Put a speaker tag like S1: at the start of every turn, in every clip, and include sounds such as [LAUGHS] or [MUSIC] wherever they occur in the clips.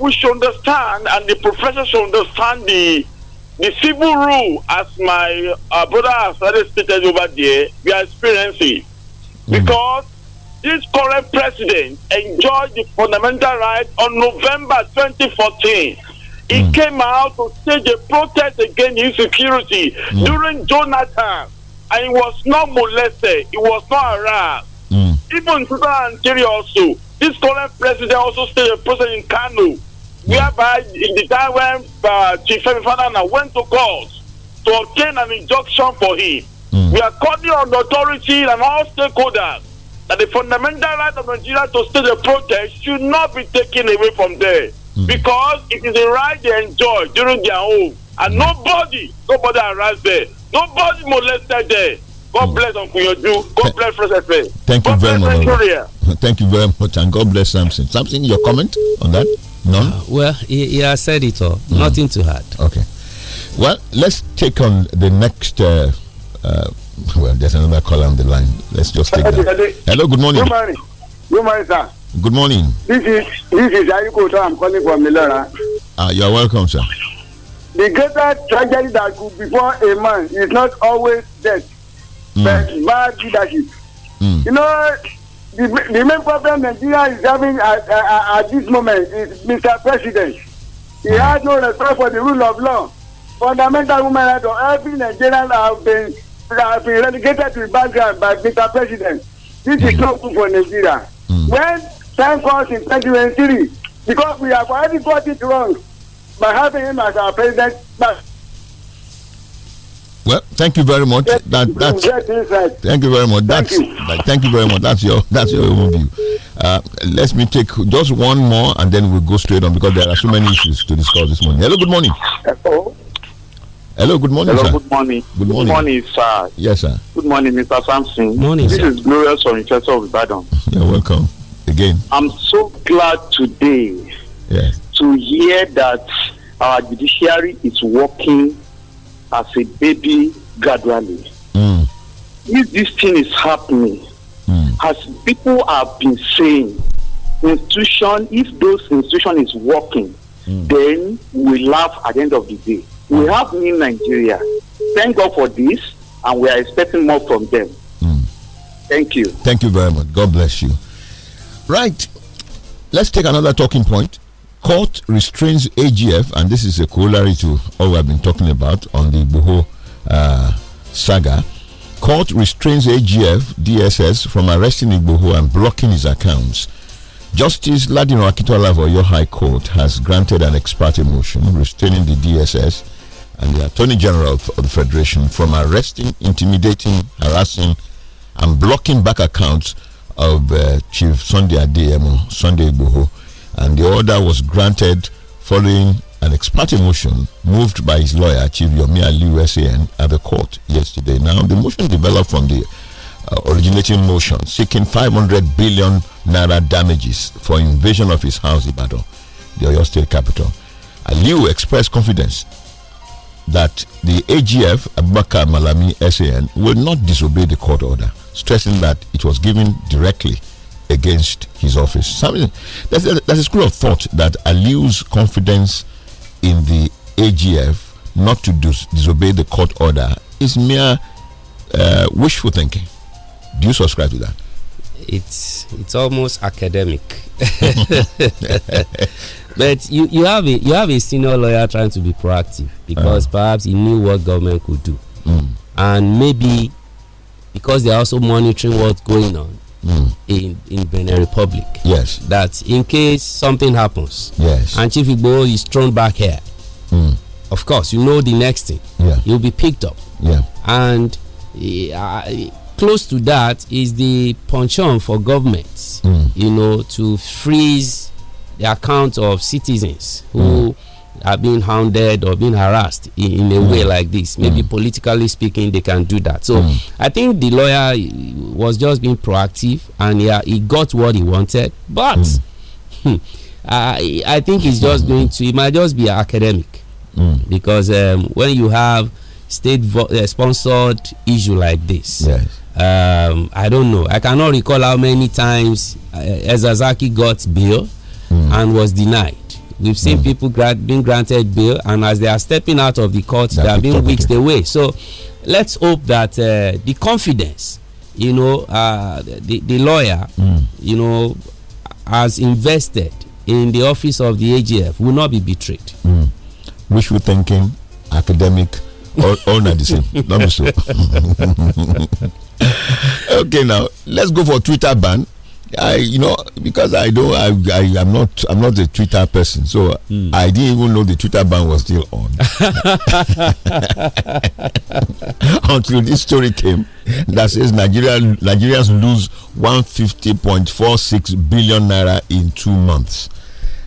S1: we should understand, and the professors should understand the the civil rule, as my uh, brother has already stated
S2: over there, we are experiencing. Hmm. Because this current president enjoyed the fundamental right on November 2014. He mm. came out to stage a protest against insecurity mm. during Jonathan, and he was not molested, he was not harassed. Hmm. Even in 2003 also, this current president also stayed a person in Kano, whereby in the time when uh, Chief Femi went to court to obtain an injunction for him, mm. we are calling on the authorities and all stakeholders that the fundamental right of Nigeria to stage a protest should not be taken away from them mm. because it is a right they enjoy during their own, and nobody, nobody harassed them, nobody molested them God them for your due. God Th bless Fresh FM. Thank God you very much. Nigeria.
S3: Thank you very much, and God bless Samson. Samson, your comment on that? No. Uh,
S4: well, he, he, has said
S3: it all. Mm. Nothing to add. Okay. Well, let's take on the next. Uh, uh, well, there's another caller on the line. Let's just take that. Hello. Good morning. Good
S2: morning. Good morning, sir. Good morning. This is this is Ayuko. I'm calling from Milora.
S3: Ah, you are welcome, sir.
S2: The greater tragedy that could befall a man is not always death mm. bad leadership. Mm. You know, the, the main problem Nigeria is having at, at this moment is Mr. President. He mm. has no respect for the rule of law. Fundamental human rights of every Nigerian have been, have been relegated to the background by Mr. President. This mm. is not good for Nigeria. Mm. When time comes in 2023, because we have already got it wrong by having him as our president. But
S3: well, thank you very much. that, that's, thank you very much. That's thank you. thank you very much. That's your that's your overview. Uh, let me take just one more, and then we'll go straight on because there are so many issues to discuss this morning. Hello, good morning. Hello. Hello, good morning. Hello, sir. good morning. Good morning. Good morning, sir. Yes, sir.
S2: Good morning, Mr. Sampson. Morning. This sir. is glorious from Church of Ibadan.
S3: [LAUGHS] You're welcome again.
S2: I'm so glad today yes. to hear that our judiciary is working as a baby gradually. Mm. If this thing is happening, mm. as people have been saying, institution, if those institution is working, mm. then we laugh at the end of the day. We hmm. have in Nigeria. Thank God for this, and we are expecting more from them. Hmm. Thank you.
S3: Thank you very much. God bless you. Right. Let's take another talking point. Court restrains AGF, and this is a corollary to all we have been talking about on the Boho uh, saga. Court restrains AGF DSS from arresting Igboho and blocking his accounts. Justice Ladino Akitola of Oyo High Court has granted an ex parte motion restraining the DSS and the Attorney General of the Federation from arresting, intimidating, harassing, and blocking back accounts of uh, Chief Sunday Adeyemo, Sunday Igboho and the order was granted following an parte motion moved by his lawyer, Chief Yomi Ali SAN, at the court yesterday. Now, the motion developed from the uh, originating motion seeking 500 billion naira damages for invasion of his house, Ibadan, the Oyo State capital. Aliu expressed confidence that the AGF, Abubakar Malami SAN, will not disobey the court order, stressing that it was given directly against his office. Something, that is a school of thought that alludes confidence in the AGF not to dis disobey the court order is mere uh, wishful thinking. Do you subscribe to that?
S4: It's it's almost academic, [LAUGHS] but you, you have a you have a senior lawyer trying to be proactive because uh. perhaps he knew what government could do, mm. and maybe because they are also monitoring what's going on, in in Benin Republic. Yes. That in case something happens. Yes. And Chief Igbo is thrown back here. Mm. Of course, you know the next thing. Yeah. You'll be picked up. Yeah. And uh, close to that is the penchant for governments. Mm. You know to freeze the account of citizens who hmm are being hounded or being harassed in, in a mm. way like this. Maybe mm. politically speaking, they can do that. So mm. I think the lawyer eh, was just being proactive and yeah, he got what he wanted. But mm. [LAUGHS] hmm, I, I think he's just mm. going to, it might just be academic mm. because um, when you have state uh, sponsored issue like this, yes. um, I don't know. I cannot recall how many times uh, eh, Ezazaki got bail and was denied We've seen mm. people grant, being granted bail, and as they are stepping out of the court, that they are being whisked away. So let's hope that uh, the confidence, you know, uh, the, the lawyer, mm. you know, has invested in the office of the AGF will not be betrayed. Mm.
S3: Wishful thinking, academic, or all not the same. Not so. [LAUGHS] okay, now let's go for Twitter ban. I you know because I don't I, I am not I'm not a Twitter person so mm. I didn't even know the Twitter ban was still on [LAUGHS] [LAUGHS] until this story came that says Nigeria Nigerians lose 150.46 billion naira in two months.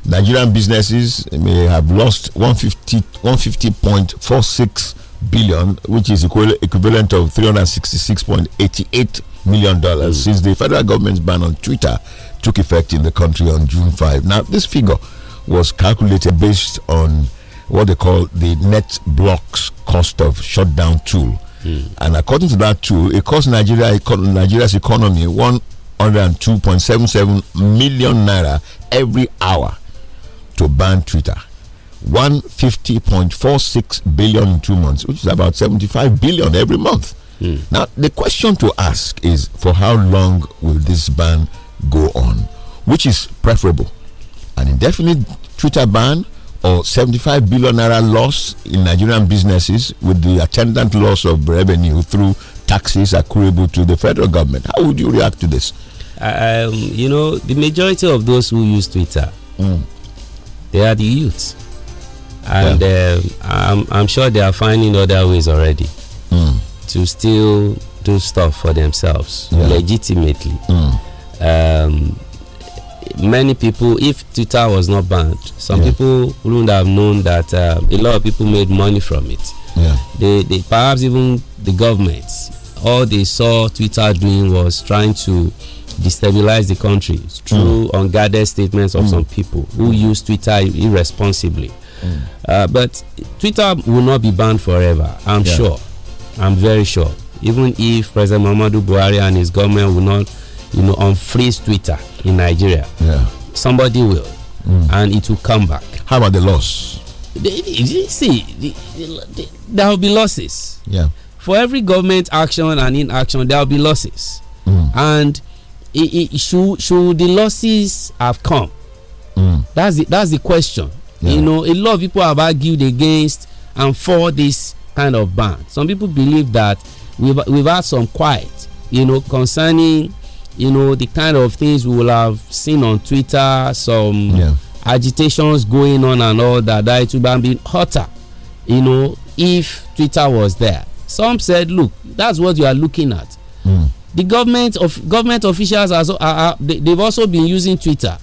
S3: Nigerian businesses may have lost 150.46 billion, which is equal equivalent of 366.88 million dollars mm. since the federal government's ban on Twitter took effect in the country on June 5. Now, this figure was calculated based on what they call the net blocks cost of shutdown tool. Mm. And according to that tool, it cost Nigeria, Nigeria's economy 102.77 million naira every hour to ban Twitter. 150.46 billion in two months, which is about 75 billion every month. Mm. Now, the question to ask is for how long will this ban go on? Which is preferable? An indefinite Twitter ban or 75 billion naira loss in Nigerian businesses with the attendant loss of revenue through taxes
S4: accruable to the federal government? How would you react to this? Um, you know, the majority of those who use Twitter, mm. they are the youths and uh, I'm, I'm sure they are finding other ways already mm. to still do stuff for themselves yeah. legitimately. Mm. Um, many people, if Twitter was not banned, some yeah. people wouldn't have known that uh, a lot of people made money from it. They, they, perhaps even the government, all they saw Twitter doing was trying to destabilize the country through mm. unguarded statements of hmm. some people who hmm. use Twitter irresponsibly. Mm. Uh, but Twitter will not be banned forever, I'm yeah. sure. I'm very sure. Even if President Muhammadu Buhari and his government will not, you know, unfreeze Twitter in Nigeria, yeah. somebody will, mm. and it will come back. How about the loss? see, there will be losses. Yeah. For every government action and inaction, there will be losses. Mm. And it, it, should, should the losses have come? Mm. That's, the, that's the question. Yeah. You know, a lot of people have argued against and for this kind of ban. Some people believe that we've, we've had some quiet, you know, concerning, you know, the kind of things we will have seen on Twitter, some yeah. agitations going on and all that, that it would have been hotter, you know, if Twitter was there. Some said, look, that's what you are looking at. Mm. The government of government officials has, uh, uh, they, have also been using Twitter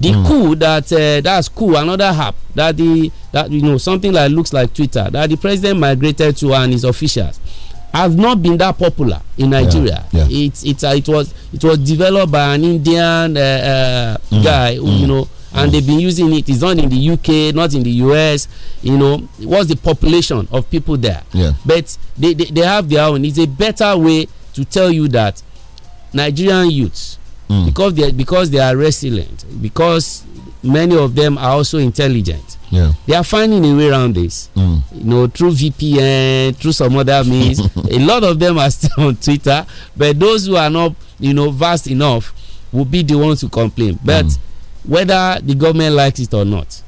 S4: the mm. coup that uh, that's cool. another app that the that you know something that looks like Twitter that the president migrated to and his officials have not been that popular in Nigeria. Yeah, yeah. It it uh, it was it was developed by an Indian uh, mm. guy, who, mm. you know, and hmm. they've been using it. It's not in the UK, not in the US. You know, what's the population of people there? Yeah. But they, they they have their own. It's a better way to tell you that Nigerian youths mm. because they because they are resilient because many of them are also intelligent. Yeah. They are finding a way around this. Mm. You know, through VPN, through some other [LAUGHS] means. a lot of them are still [LAUGHS] on Twitter, but those who are not, you know, vast enough will be the ones who complain. But mm. whether the government likes it or not,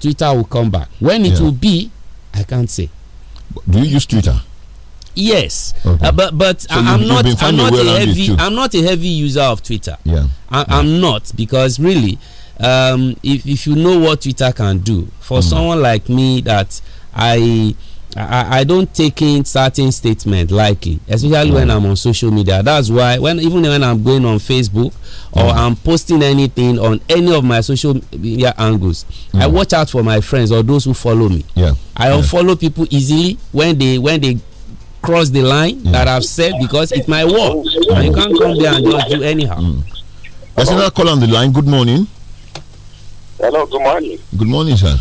S4: Twitter will come back. When it yeah. will be, I can't say. Do you use Twitter? Yes, okay. uh, but but so I, am not I'm not a heavy I'm not a heavy user of Twitter. Yeah, I, am yeah. not because really, um, if if you know what Twitter can do for mm. someone like me that I. I, I, don't take in certain statements lightly, especially mm. when I'm on social media. That's why when even when I'm going on Facebook mm. or I'm posting anything on any of my social media angles, mm. I watch out for my friends or those who follow me. Yeah. I yeah. unfollow people easily when they when they cross the line mm. that I've said because it might work. Mm. you can't come there and just do anyhow. Mm. us another call on the line. Good morning.
S3: Hello, good morning. Good morning, sir.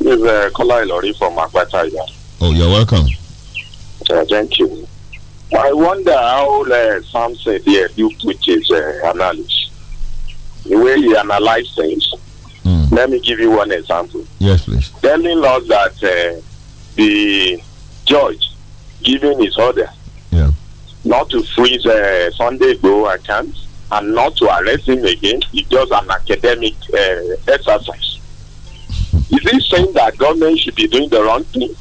S2: This is uh, Kola Ilori from Akwata.
S3: Oh, you're welcome. Uh, thank
S2: you. I wonder how uh, Sam said here looked with his uh, analysis. The way he analyzed things. Mm. Let me give you one example. Yes, please. Telling us that uh, the judge given his order yeah. not to freeze uh, Sunday Go account and not to arrest him again. It's just an academic uh, exercise. [LAUGHS] Is he saying that government should be doing the wrong thing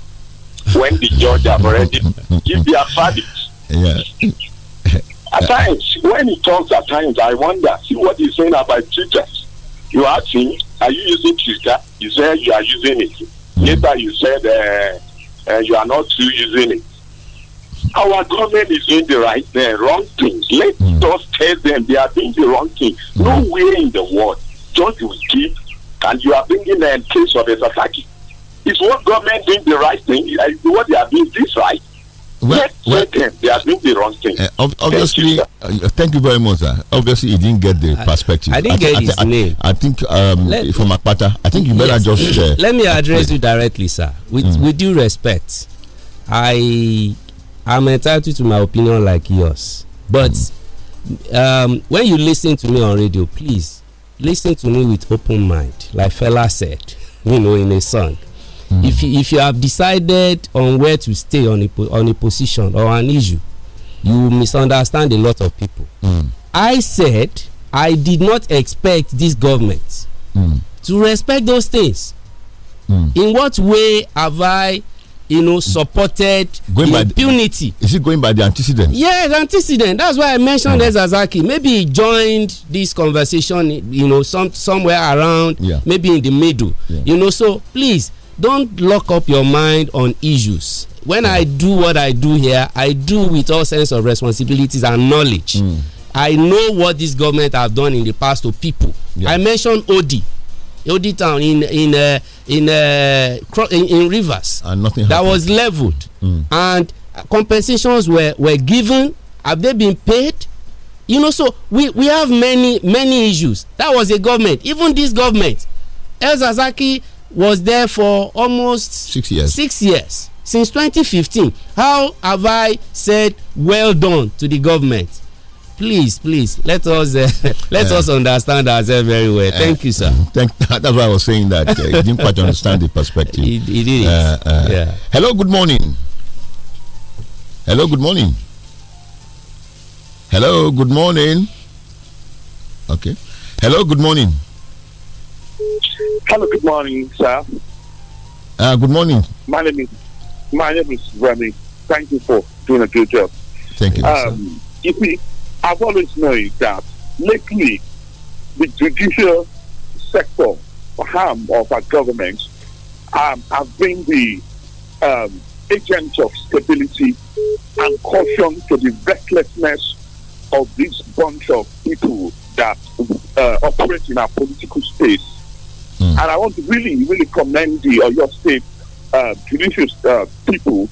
S2: when the judge have already give their verdict? Yeah. at times, when he talks at times, I wonder, see what he's saying about teachers. You ask him, are you using Twitter? He said, you are using it. Mm. Later, you said, uh, uh, you are not using it our government is doing the right thing. wrong things. Let's mm. tell them they are doing the wrong thing. Mm. way in the world don't you give and you are bringing a case of a Sasaki. Is what government doing the right thing? Is what they are doing this right? Well, let well, them they are doing the wrong thing.
S3: Uh, obviously, thank you, uh, thank you, very much, sir. Obviously, you didn't get the I, perspective. I didn't I get his I name.
S4: I think um, Let,
S3: from Akpata, I think you better yes. just. Uh, Let me uh, address
S4: you directly, sir. With, mm. with due respect, I I'm entitled to my opinion like yours. But um, when you listen to me on radio, please listen to me with open mind, like Fella said, [LAUGHS] you know, in a song. Mm. If you, if you have decided on where to stay on a on a position or an issue, you misunderstand a lot of people. Mm. I said I did not expect this government mm. to respect those things. Hmm. In what way have I? you know supported going impunity. By the, is it going by the antecedent? Yes, antecedent. That's why I mentioned uh-huh. Ezazaki. Maybe he joined this conversation, you know, some somewhere around, yeah. maybe in the middle. Yeah. You know, so please don't lock up your mind on issues. When yeah. I do what I do here, I do with all sense of responsibilities and knowledge. Mm. I know what this government have done in the past to people. I mentioned Odi Odi Town in in uh, in, uh, in, in Rivers. And nothing. That happened. was leveled, mm. and compensations were were given. Have they been paid? You know, so we we have many many issues. That was a government. Even this government, El Zazaki was there for almost six years. Six years since 2015. How have I said well done to the government? please please let us uh, [LAUGHS] let uh, us understand ourselves very well uh, thank you sir mm-hmm.
S3: thank [LAUGHS] that's why i was saying that uh, you didn't quite understand the perspective It is. Uh, uh, yeah. hello good morning hello good morning hello good morning okay hello good morning
S1: hello good morning sir
S3: uh, good morning
S1: my name is my name is remy thank you for doing a good job thank you um, sir. I've always known that lately the judicial sector arm of our government um, have been the um, agents of stability and caution to the recklessness of this bunch of people that uh, operate in our political space. Mm. And I want to really, really commend the your State uh, judicial uh, people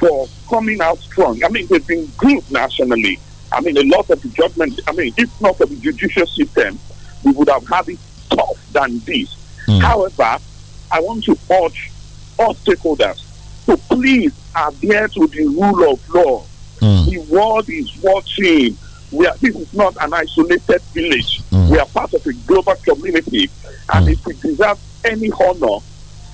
S1: for coming out strong. I mean, they've been good nationally I mean, a lot of the judgment, I mean, if not of the judicial system, we would have had it tough than this. Mm. However, I want to urge all stakeholders to please adhere to the rule of law. Mm. The world is watching. We are, this is not an isolated village. Mm. We are part of a global community. And hmm. if we deserve any honor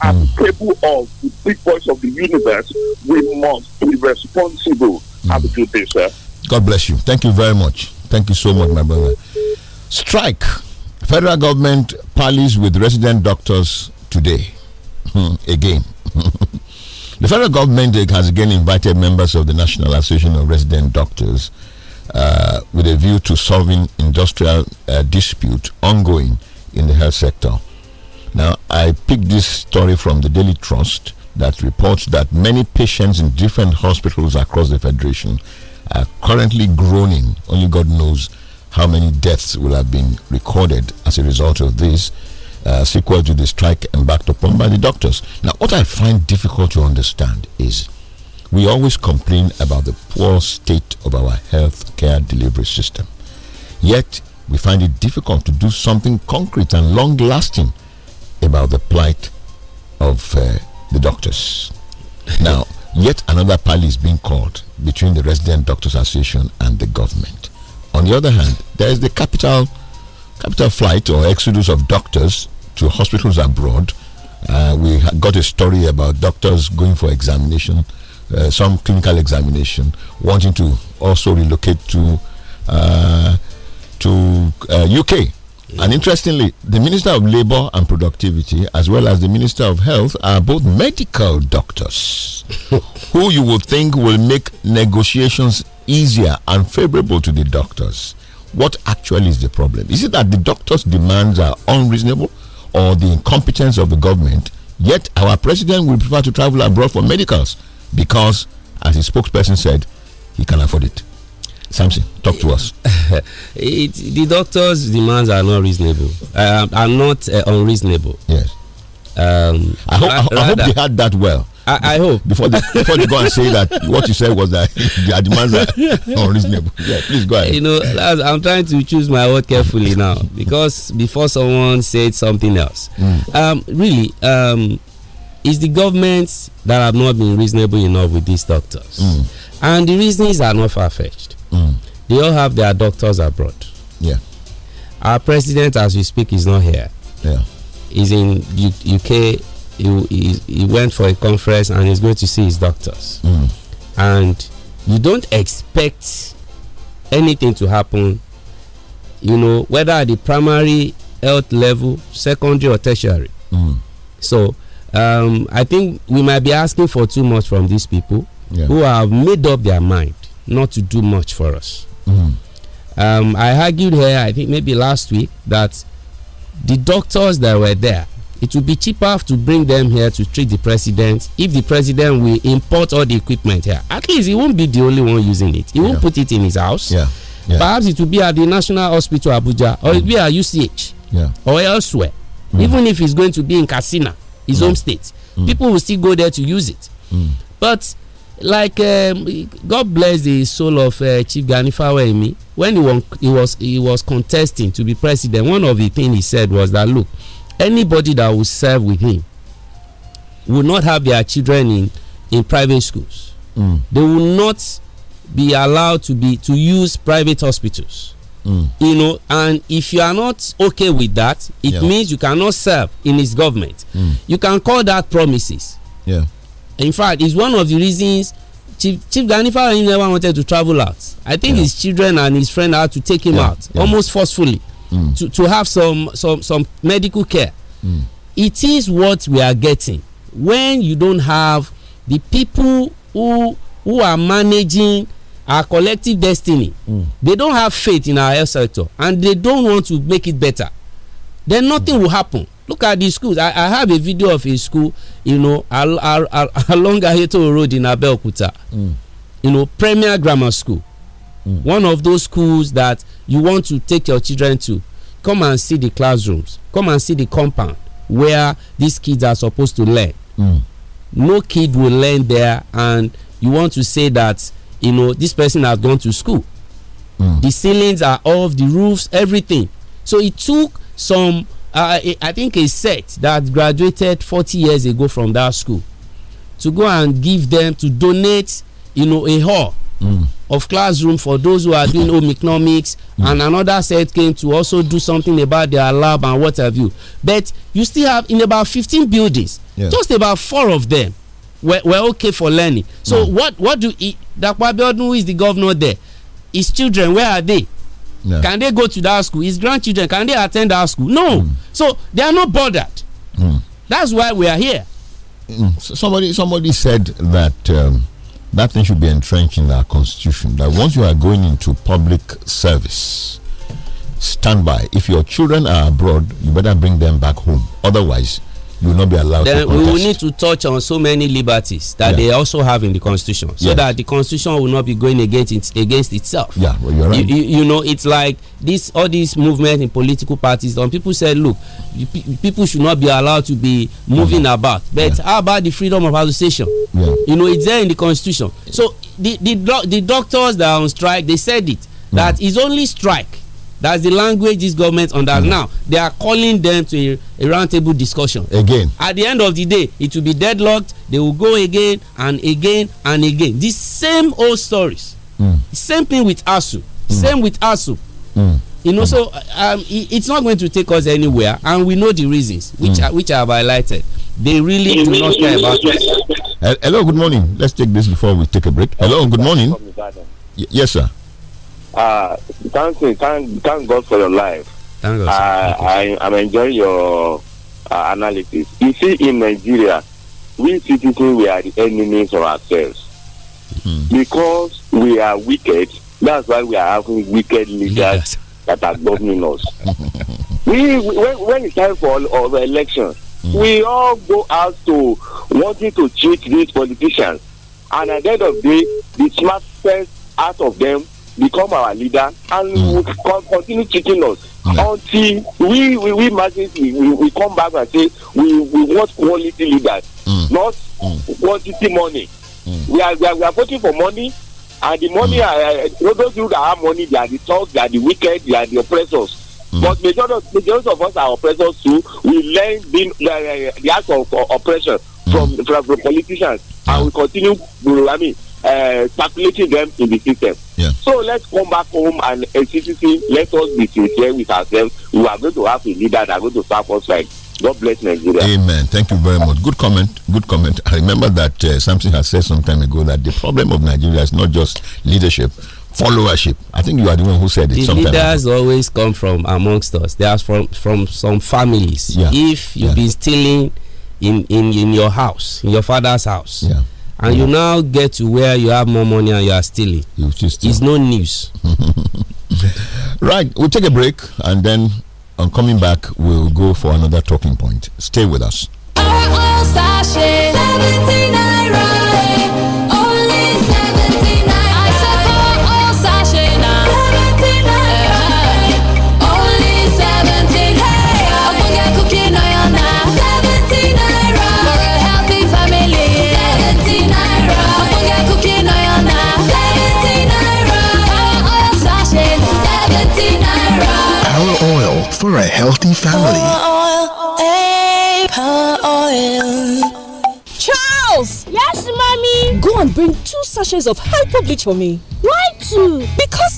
S1: and hmm. the table of the big voice of the universe, we must be responsible. Mm. Have a good day, sir.
S3: God bless you. Thank you very much. Thank you so much, my brother. Strike. Federal government parleys with resident doctors today. Hmm, again. [LAUGHS] the federal government has again invited members of the National Association of Resident Doctors uh, with a view to solving industrial uh, dispute ongoing in the health sector. Now, I picked this story from the Daily Trust that reports that many patients in different hospitals across the Federation are currently groaning. Only God knows how many deaths will have been recorded as a result of this uh, sequel to the strike embarked upon by the doctors. Now, what I find difficult to understand is we always complain about the poor state of our health care delivery system. Yet, we find it difficult to do something concrete and long lasting about the plight of uh, the doctors. [LAUGHS] now, Yet another pally is being called between the Resident Doctors Association and the government. On the other hand, there is the capital capital flight or exodus of doctors to hospitals abroad. Uh, we got a story about doctors going for examination, uh, some clinical examination, wanting to also relocate to uh, to UK uh, and interestingly, the Minister of Labour and Productivity, as well as the Minister of Health, are both medical doctors [LAUGHS] who you would think will make negotiations easier and favorable to the doctors. What actually is the problem? Is it that the doctors' demands are unreasonable or the incompetence of the government? Yet our president will prefer to travel abroad for medicals because, as his spokesperson said, he can afford it.
S4: Samson, talk to us. [LAUGHS] it, the doctor's demands are not reasonable, uh, are not uh, unreasonable. Yes. Um, I, hope, I, I hope they had that well. I, I, hope before they, before they go and say that what you said was that [LAUGHS] their demands are [LAUGHS] unreasonable. Yeah, please go ahead. You know, I'm trying to choose my word carefully now because before someone said something else. Mm. Um, really, um, it's the governments that have not been reasonable enough with these doctors, mm. and the reasons are not far fetched. Mm. They all have their doctors abroad. Yeah. Our president, as we speak, is not here. Yeah. He's in U UK. He, he, he, went for a conference and he's going to see his doctors. Mm. And you don't expect anything to happen, you know, whether at the primary health level, secondary, or tertiary. Mm. So um, I think we might be asking for too much from these people yeah. who have made up their mind not to do much for us. Mm. Um, I argued here, I think maybe last week, that the doctors that were there, it would be cheaper to bring them here to treat the president if the president will import all the equipment here. At least he won't be the only one using it. He won't yeah. put it in his house. Yeah. yeah. Perhaps it will be at the National Hospital Abuja or mm. it will be at UCH yeah. or elsewhere. Mm. Even if it's going to be in Kasina, his mm. home state, mm. people will still go there to use it. Mm. But like um, God bless the soul of uh, Chief Gani Fawemi when he, he was he was contesting to be president. One of the things he said was that look, anybody that will serve with him will not have their children in in private schools. Mm. They will not be allowed to be to use private hospitals. Mm. You know, and if you are not okay with that, it yeah. means you cannot serve in his government. Mm. You can call that promises. Yeah in fact it's one of the reasons chief chief Ganifa never wanted to travel out i think yeah. his children and his friend had to take him yeah. out yeah. almost forcefully mm. to to have some some some medical care mm. it is what we are getting when you don't have the people who who are managing our collective destiny mm. they don't have faith in our health sector and they don't want to make it better then nothing mm. will happen look at the schools i i have a video of a school you know al al al [LAUGHS] along ayeto road in abeokuta mm. you know premier grammar school mm. one of those schools that you want to take your children to come and see the classrooms come and see the compound where these kids are supposed to learn mm. no kid will learn there and you want to say that you know this person has gone to school mm. the ceilings are off the roofs everything so it took some uh, I think a set that graduated 40 years ago from that school to go and give them to donate you know a hall mm. of classroom for those who are doing home economics mm. and another set came to also do something about their lab and what have you but you still have in about 15 buildings yeah. just about four of them were, were okay for learning so mm. what what do dakwabiodun who is the governor there his children where are they yeah. Can they go to that school? His grandchildren, can they attend that school? No. Mm. So they are not bothered. Mm. That's why we are here. Mm. So somebody
S3: somebody said that um, that thing should be entrenched in our constitution. That once you are going into public service, stand by. If your children are abroad, you better bring them back home. Otherwise, will not be allowed then we will need
S4: to touch on so many liberties that yeah. they also have in the constitution so yes. that the constitution will not be going against it, against itself
S3: yeah well, you're right.
S4: You, you, you, know it's like this all these movements in political parties and people said look people should not be allowed to be moving yeah. Mm-hmm. about but yeah. how about the freedom of association yeah. you know it's there in the constitution so the the, the doctors that are on strike they said it that mm. it's only strike that's the language this government under Mm. Now, they are calling them to a, a roundtable discussion. Again. At the end of the day, it will be deadlocked. They will go again and again and again. The same old stories. Mm. Same thing with ASU. Same with ASU. You know, so um, it's not going to take us anywhere, and we know the reasons, which are, which I have highlighted. They really do not care about us.
S3: Hello, good morning. Let's take this before we take a break. Hello, good morning. Yes, sir
S2: uh, thank you, thank, thank God for your life. Thank God. Uh, thank I, am enjoying your uh, analysis. You see, in Nigeria, we citizens, we are the enemies of ourselves. Hmm. Because we are wicked, that's why we are having wicked leaders yes. that are governing us. [LAUGHS] we, when, when, it's time for uh, our election, mm. we all go out to wanting to cheat these politicians. And at the end of the day, the smartest out of them become our leader and mm. continue cheating us mm. until we we we masses we, we, we come back and say we we want quality leaders mm. not mm. quantity money mm. we are we are we are voting for money and the money mm. are uh, those who have money they are the thugs they are the wicked they are the oppressors. But majority of, majority of us are oppressors too. We learn being, uh, the act of uh, oppression from, from, from politicians, and we continue. I mean, uh, calculating them in the system. Yeah. So let's come back home and let us be sincere with ourselves. We are going to have a leader that are going to serve us right.
S3: God bless Nigeria. Amen. Thank you very much. Good comment. Good comment. I remember that uh, something has said some time ago that the problem of Nigeria is not just leadership, followership. I think you are the one who said it. The leaders
S4: ago. always come from amongst us. They are from from some families. Yeah. If you've yeah. been stealing in in in your house, in your father's house. Yeah and you now get to where you have more money and you are stealing. It's no news. [LAUGHS] right, we'll take a break and then on coming back, we'll
S3: go for another talking point. Stay with us.
S5: for a healthy family. Oil, oil, oil. Charles! Yes, mommy? Go and bring two sachets of hyper bleach for me. Why two? Because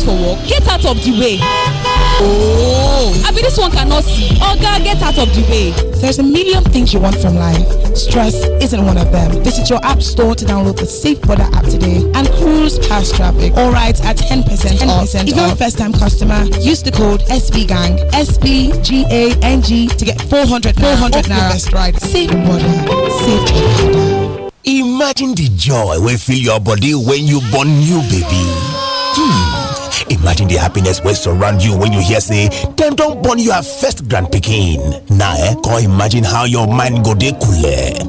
S5: for work get out of the way oh i mean this one cannot see Oh, God, get out of the way there's a million things you want from life stress isn't one of them visit your app store to download the safe border app today and cruise past traffic all right at 10
S6: percent 10 percent if you're a first-time customer use the code sbgang s-b-g-a-n-g to get 400 400 naira ride safe border safe border
S7: Imagine the joy will fill your body when you born new baby.
S6: Hmm. Imagine the happiness wey surround you when you hear say dem don born your first grand picking." Now, eh, go imagine how your mind go dey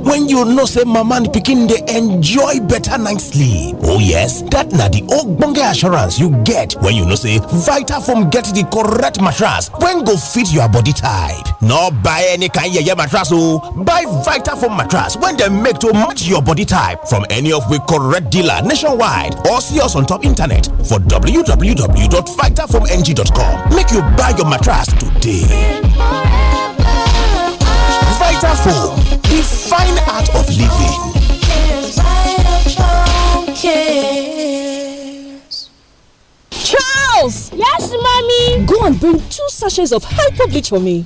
S7: when you know say mama and
S6: picking," they enjoy better night sleep. Oh yes, that na the old bungee assurance you get when you know say Vitafoam get the correct mattress when go fit your body type.
S7: No buy any kind yeye mattress oh, buy Vitafoam mattress when they make to match your body type from any of we correct dealer nationwide or see us on top internet for www www.vitafoamng.com. Make you buy your mattress today.
S6: Vitafoam, the fine art of living.
S5: Charles! Yes, mommy! Go and bring two sachets of hyper bleach for me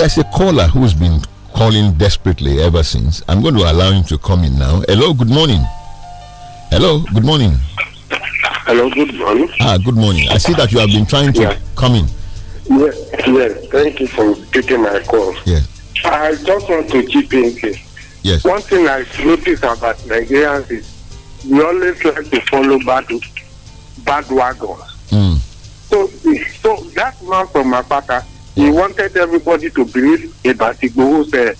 S3: there's a caller who's been calling desperately ever since. I'm going to allow him to come in now. Hello, good morning. Hello, good morning. Hello, good morning. Ah, good morning. I see that you have been trying to yeah. come in.
S2: Yes, yes. Thank you for taking my call. Yeah. I just want to chip in here. Yes. One thing I notice about Nigerians is we always like to follow bad, bad wagons. Mm. So, so that man from Apata he wanted everybody to believe about Igbo's uh,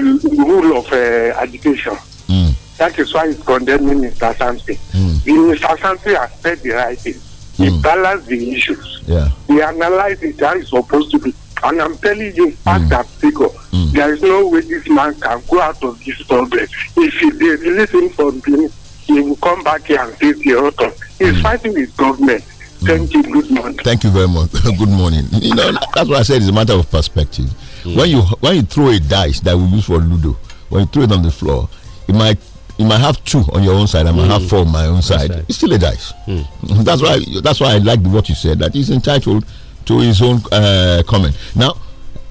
S2: rule of uh, Mm. That is why he's condemning Mr. Sansi. Mm. Mr. Sansi has said the right thing. He hmm. balanced the issues. Yeah. He analyzed it how it's supposed to be. And I'm telling you, hmm. fact mm. mm. there is no way this man can go out of this problem. If he, did anything for from prison, he will come back here and face the author.
S3: He's mm. fighting his government. Thank you. Good morning. Thank you very much. [LAUGHS] good morning. You know, that's what I said. It's a matter of perspective. Mm. When you when you throw a dice that we use for ludo, when you throw it on the floor, it might you might have two on your own side. I might mm. have hmm. four on my own side. Right. It's still a dice. Mm. [LAUGHS] That's why that's why I like what you said. That he's entitled to his own uh, comment. Now,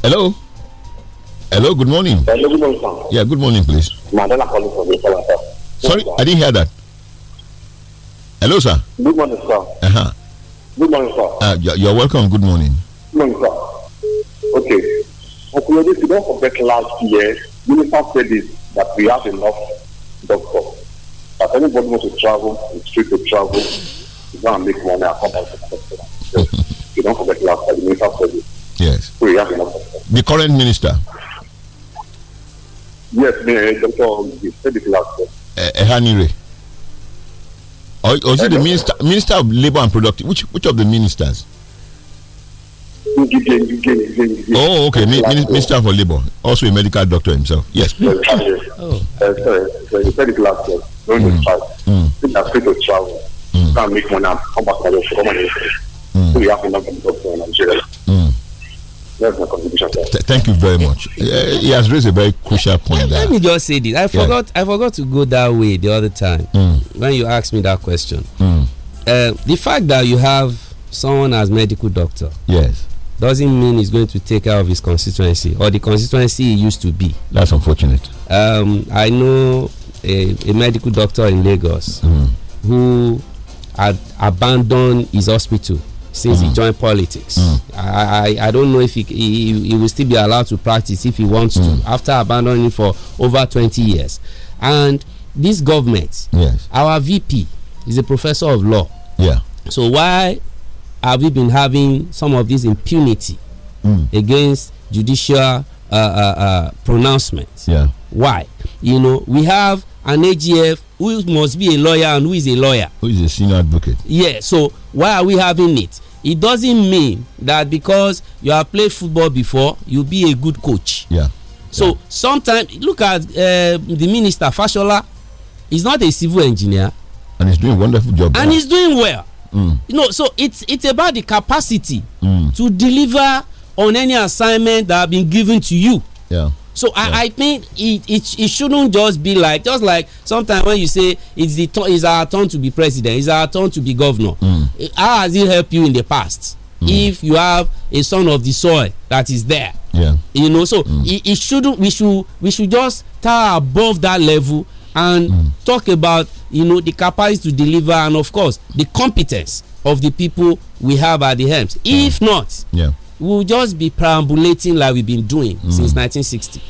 S3: hello. Hello, good morning.
S1: Hello, good morning, sir.
S3: Yeah, good morning, please.
S2: Mandela calling from Sorry,
S3: I didn't hear that. Hello, sir. Good morning, sir. Uh-huh. Good morning, sir. Uh, you're, welcome. Good morning.
S2: Good morning, sir. Okay. Okay, if you don't forget last year, Minister said this,
S1: that we have enough doctors. That anybody wants to travel, it's free to travel, you going to make money and come back to the yes. [LAUGHS] You don't forget last year, the Minister said this. Yes. So we have enough doctors.
S3: The current minister?
S1: Yes, me, Dr. He said it last year.
S3: Uh, Ehanire. Or, or is it the minister, minister of Labour and productive. Which which of the ministers? Oh, okay. Minister for Labour, also a medical doctor himself. Yes.
S1: yes.
S2: oh. Uh, sorry, travel. afraid to travel. Can't make money. Come back home. Come on. we have enough doctor in Nigeria. Mm
S3: contribution. Th thank you very much. Uh, he has raised a very crucial point. Let, me
S4: just say this. I forgot. Yeah. I forgot to go that way the other time mm. when you asked me that question. Mm. Uh, the fact that you have someone as medical doctor. Yes. Doesn't mean he's going to take care of his constituency or the constituency he used to be. That's unfortunate. Um, I know a, a, medical doctor in Lagos mm. who had abandoned his hospital since mm. he joined politics. Mm. I, I, I don't know if he, he, he will still be allowed to practice if he wants mm. to after abandoning for over 20 years. And this government, yes. our VP is a professor of law. Yeah. So why have we been having some of this impunity mm. against judicial uh, uh, uh, pronouncements? Yeah. Why? You know, we have an AGF who must be a lawyer and who is a lawyer. Who is a senior advocate. Yeah, so why are we having it? It doesn't mean that because you have played football before, you'll be a good coach. Yeah. So yeah. sometimes, look at uh, the minister, Fashola. He's not a civil engineer. And he's doing a wonderful job. And he's doing well. Mm. You know, so it's, it's about the capacity mm. to deliver on any assignment that have been given to you. Yeah. So yeah. I, I think it, it it shouldn't just be like just like sometimes when you say it's the it's our turn to be president, it's our turn to be governor. Mm. How has it helped you in the past? Mm. If you have a son of the soil that is there, yeah, you know. So mm. it, it shouldn't. We should we should just tower above that level and mm. talk about you know the capacity to deliver and of course the competence of the people we have at the helms. If not, yeah we'll just be perambulating like we've been doing mm. since 1960.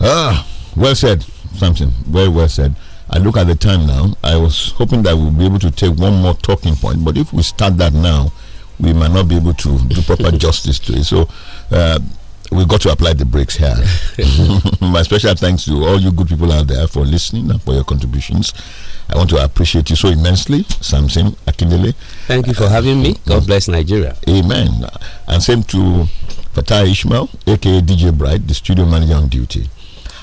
S4: Ah, well
S3: said, Samson. Very well said. I look at the time now. I was hoping that we'll be able to take one more talking point, but if we start that now, we might not be able to do proper [LAUGHS] justice to it. So, uh, we've got to apply the brakes here. [LAUGHS] [LAUGHS] My special thanks to all you good people out there for listening and for your contributions. I want to appreciate you so immensely, Samson Akindele. Thank you for having me. God bless Nigeria. Amen. And same to Fatah Ishmael, aka DJ Bright, the studio manager on duty.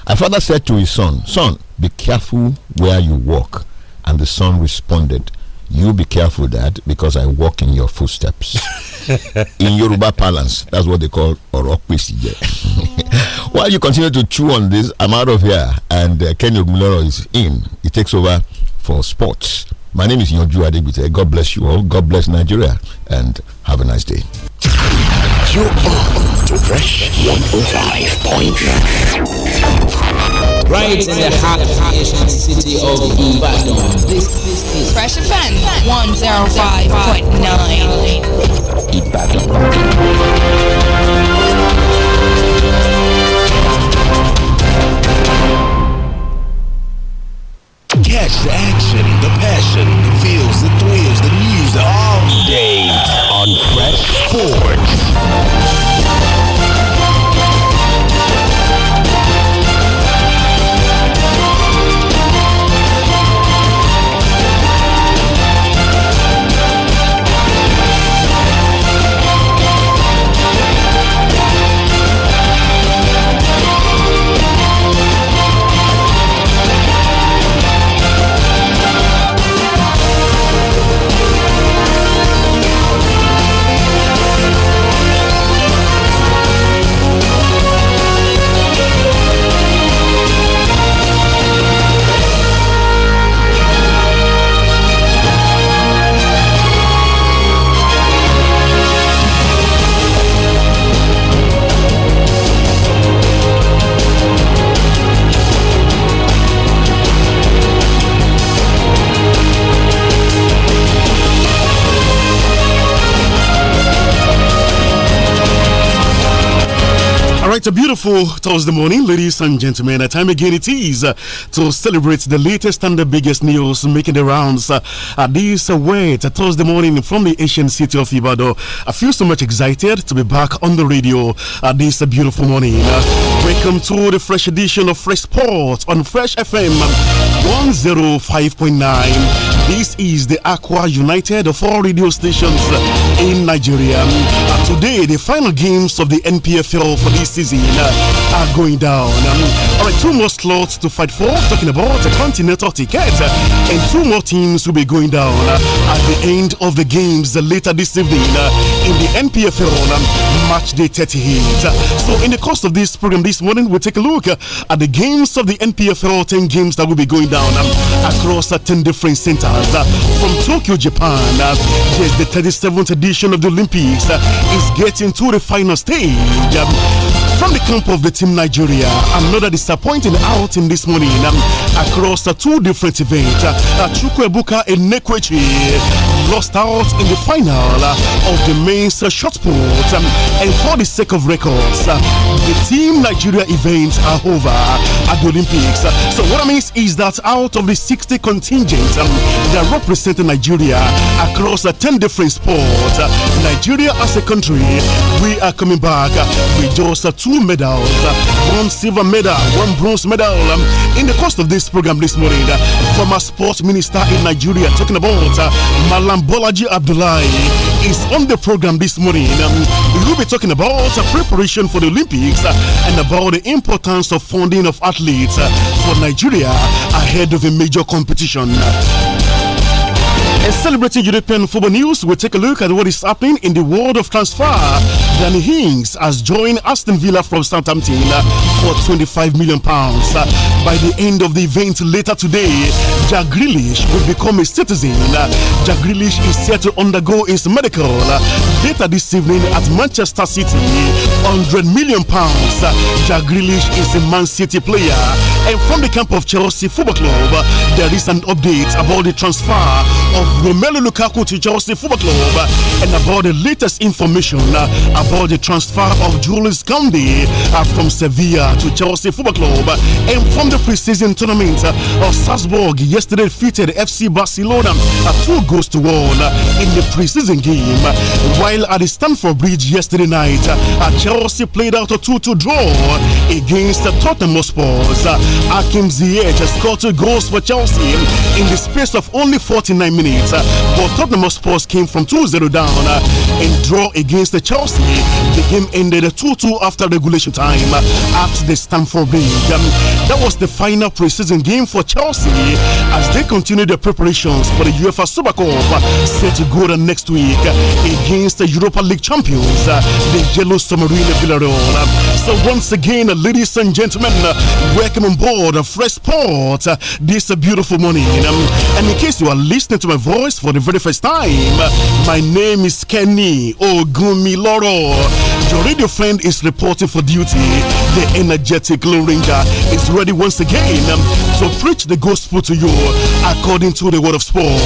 S3: A father said to his son, Son, be careful where you walk. And the son responded, You be careful, Dad, because I walk in your footsteps. [LAUGHS] [LAUGHS] in Yoruba parlance. That's what they call Orokwesije. [LAUGHS] While you continue to chew on this, I'm out of here and uh, Kenny is in. He takes over for sports. My name is Yonju Adebite. God bless you all. God bless Nigeria and have a nice day. You are
S4: on to Fresh 105.9 right in the heart of the city of Ibadan.
S8: Fresh Offense 105.9
S4: Ibadan.
S6: Catch the action, the passion, the feels, the thrills, the news all day on Fresh Sports.
S7: beautiful Thursday morning, ladies and gentlemen. A time again it is uh, to celebrate the latest and the biggest news making the rounds uh, at this uh, Thursday morning from the ancient city of Ibadan. I feel so much excited to be back on the radio at this uh, beautiful morning. Uh, welcome to the fresh edition of Fresh Sports on Fresh FM 105.9. This is the Aqua United of all radio stations in Nigeria. Uh, today, the final games of the NPFL for this season uh, are going down. Um, all right, two more slots to fight for, talking about a continental ticket, uh, and two more teams will be going down at the end of the games later this evening in the NPFL um, match day 38. So, in the course of this program this morning, we'll take a look at the games of the NPFL 10 games that will be going down across 10 different centers. from Tokyo, Japan, yes, the 37th edition of the Olympics is getting to the final stage. from the camp of the team Nigeria, another disappointing outing this morning um, across uh, two different events. Uh, Chukwebuka and Nekwechi lost out in the final uh, of the men's uh, shot put. Um, and for the sake of records, uh, the Team Nigeria events are over at the Olympics. So what I mean is that out of the 60 contingents um, that represent Nigeria across 10 different sports, Nigeria as a country, we are coming back with just two medals, one silver medal, one bronze medal. Um, in the course of this program this morning, former sports minister in Nigeria talking about Malam and Bolaji Abdullahi is on the program this morning. Um, we'll be talking about uh, preparation for the Olympics uh, and about the importance of funding of athletes uh, for Nigeria ahead of a major competition. And celebrating European football news, we will take a look at what is happening in the world of transfer. Danny Hings has joined Aston Villa from Southampton for 25 million pounds. Uh, by the end of the event later today, Jack Grealish will become a citizen. Uh, Jack Grealish is set to undergo his medical uh, later this evening at Manchester City. 100 million pounds. Jack Grealish is a Man City player. And from the camp of Chelsea Football Club, there is an update about the transfer of Romelu Lukaku to Chelsea Football Club and about the latest information about the transfer of Julius Koundé from Sevilla to Chelsea Football Club and from the preseason tournament of Salzburg yesterday defeated FC Barcelona uh, two goals to one uh, in the preseason game. While at the Stamford Bridge yesterday night, uh, Chelsea played out a 2-2 draw against Tottenham Hotspurs. Hakim Ziyech scored two goals for Chelsea in the space of only 49 minutes, but Tottenham Hotspurs came from 2-0 down and draw against Chelsea. The game ended 2-2 after regulation time. At um, that was the final preseason game for Chelsea as they continue their preparations for the UEFA Super Cup uh, set to go on next week uh, against the Europa League champions, uh, the Yellow Submarine Villarreal. Um, so once again, ladies and gentlemen, welcome on board uh, Fresh Sport this beautiful morning. Um, and in case you are listening to my voice for the very first time, my name is Kenny Ogumiloro. Your radio friend is reporting for duty. The energetic Lorinda is ready once again um, to preach the gospel to you according to the word of sport.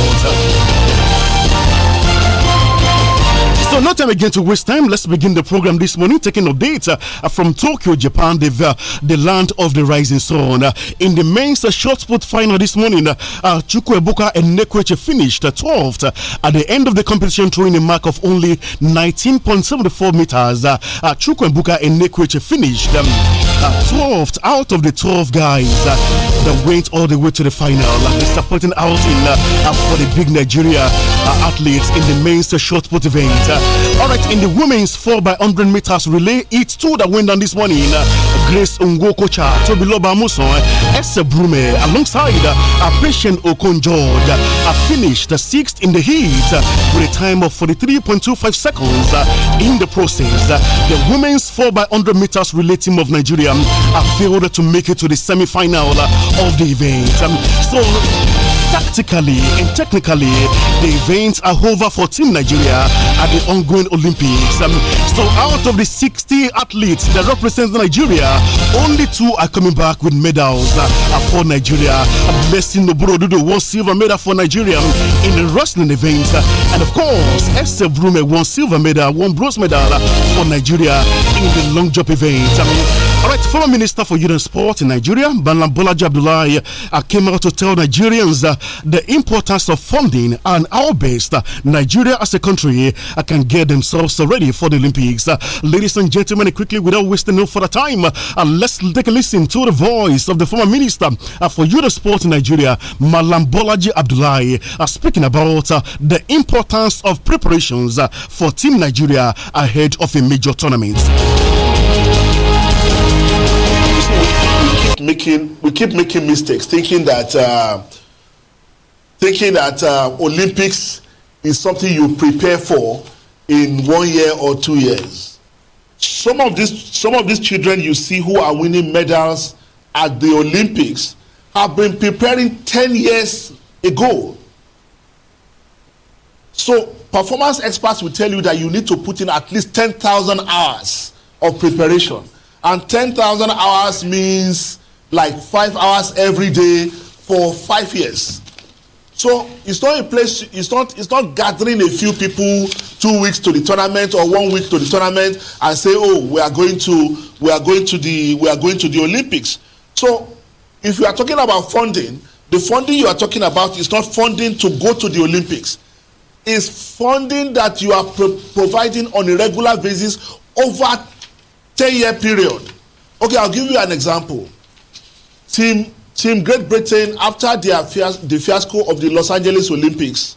S7: So, no time again to waste time. Let's begin the program this morning, taking updates uh, from Tokyo, Japan, uh, the land of the rising sun. Uh, in the men's uh, short put final this morning, uh, uh Chukwuebuka and Nekweche finished 12th uh, uh, at the end of the competition, throwing a mark of only 19.74 meters. Uh, uh, Chukwuebuka and Nekweche finished um, 12th out of the 12 guys that went all the way to the final. Uh, disappointing outing for the big Nigeria athletes in the men's short put event. All right, in the women's 4 by 100 meters relay, it's two that went down this morning. Uh, Grace Ngokocha, Toby Lobamuso, Esse uh, Brume, alongside uh, Patient Okon George, uh, finished sixth in the heat uh, with a time of 43.25 seconds uh, in the process. Uh, the women's 4 by 100 meters relay team of Nigeria uh, failed to make it to the semi final of the event. Um, so, Tactically and technically, the events are over for Team Nigeria at the ongoing Olympics. Um, so, out of the 60 athletes that represent Nigeria, only two are coming back with medals uh, for Nigeria. Blessing uh, Noborodudo won silver medal for Nigeria um, in the wrestling event. Uh, and of course, Esther Brume won silver medal, won bronze medal uh, for Nigeria in the long jump event. Um, former Minister for Youth and Sport in Nigeria, Banlam Bolaji Abdullahi, uh, came out to tell Nigerians uh, the importance of funding and how best uh, Nigeria as a country uh, can get themselves ready for the Olympics. Uh, ladies and gentlemen, quickly, without wasting no further time, uh, let's take a listen to the voice of the former Minister for Youth and Sport in Nigeria, Malam Bolaji Abdullahi, speaking about the importance of preparations for Team Nigeria ahead of a major tournament making we keep making
S9: mistakes, thinking that uh, thinking that uh, Olympics is something you prepare for in one year or two years. Some of these some of these children you see who are winning medals at the Olympics have been preparing ten years ago. So performance experts will tell you that you need to put in at least 10,000 hours of preparation. And 10,000 hours means like five hours every day for five years. So it's not a place, it's not, it's not gathering a few people two weeks to the tournament or one week to the tournament and say, oh, we are going to, we are going to the, we are going to the Olympics. So if you are talking about funding, the funding you are talking about is not funding to go to the Olympics. It's funding that you are pro- providing on a regular basis over 10 year period. Okay, I'll give you an example. Team, team Great Britain, after their fias- the fiasco of the Los Angeles Olympics,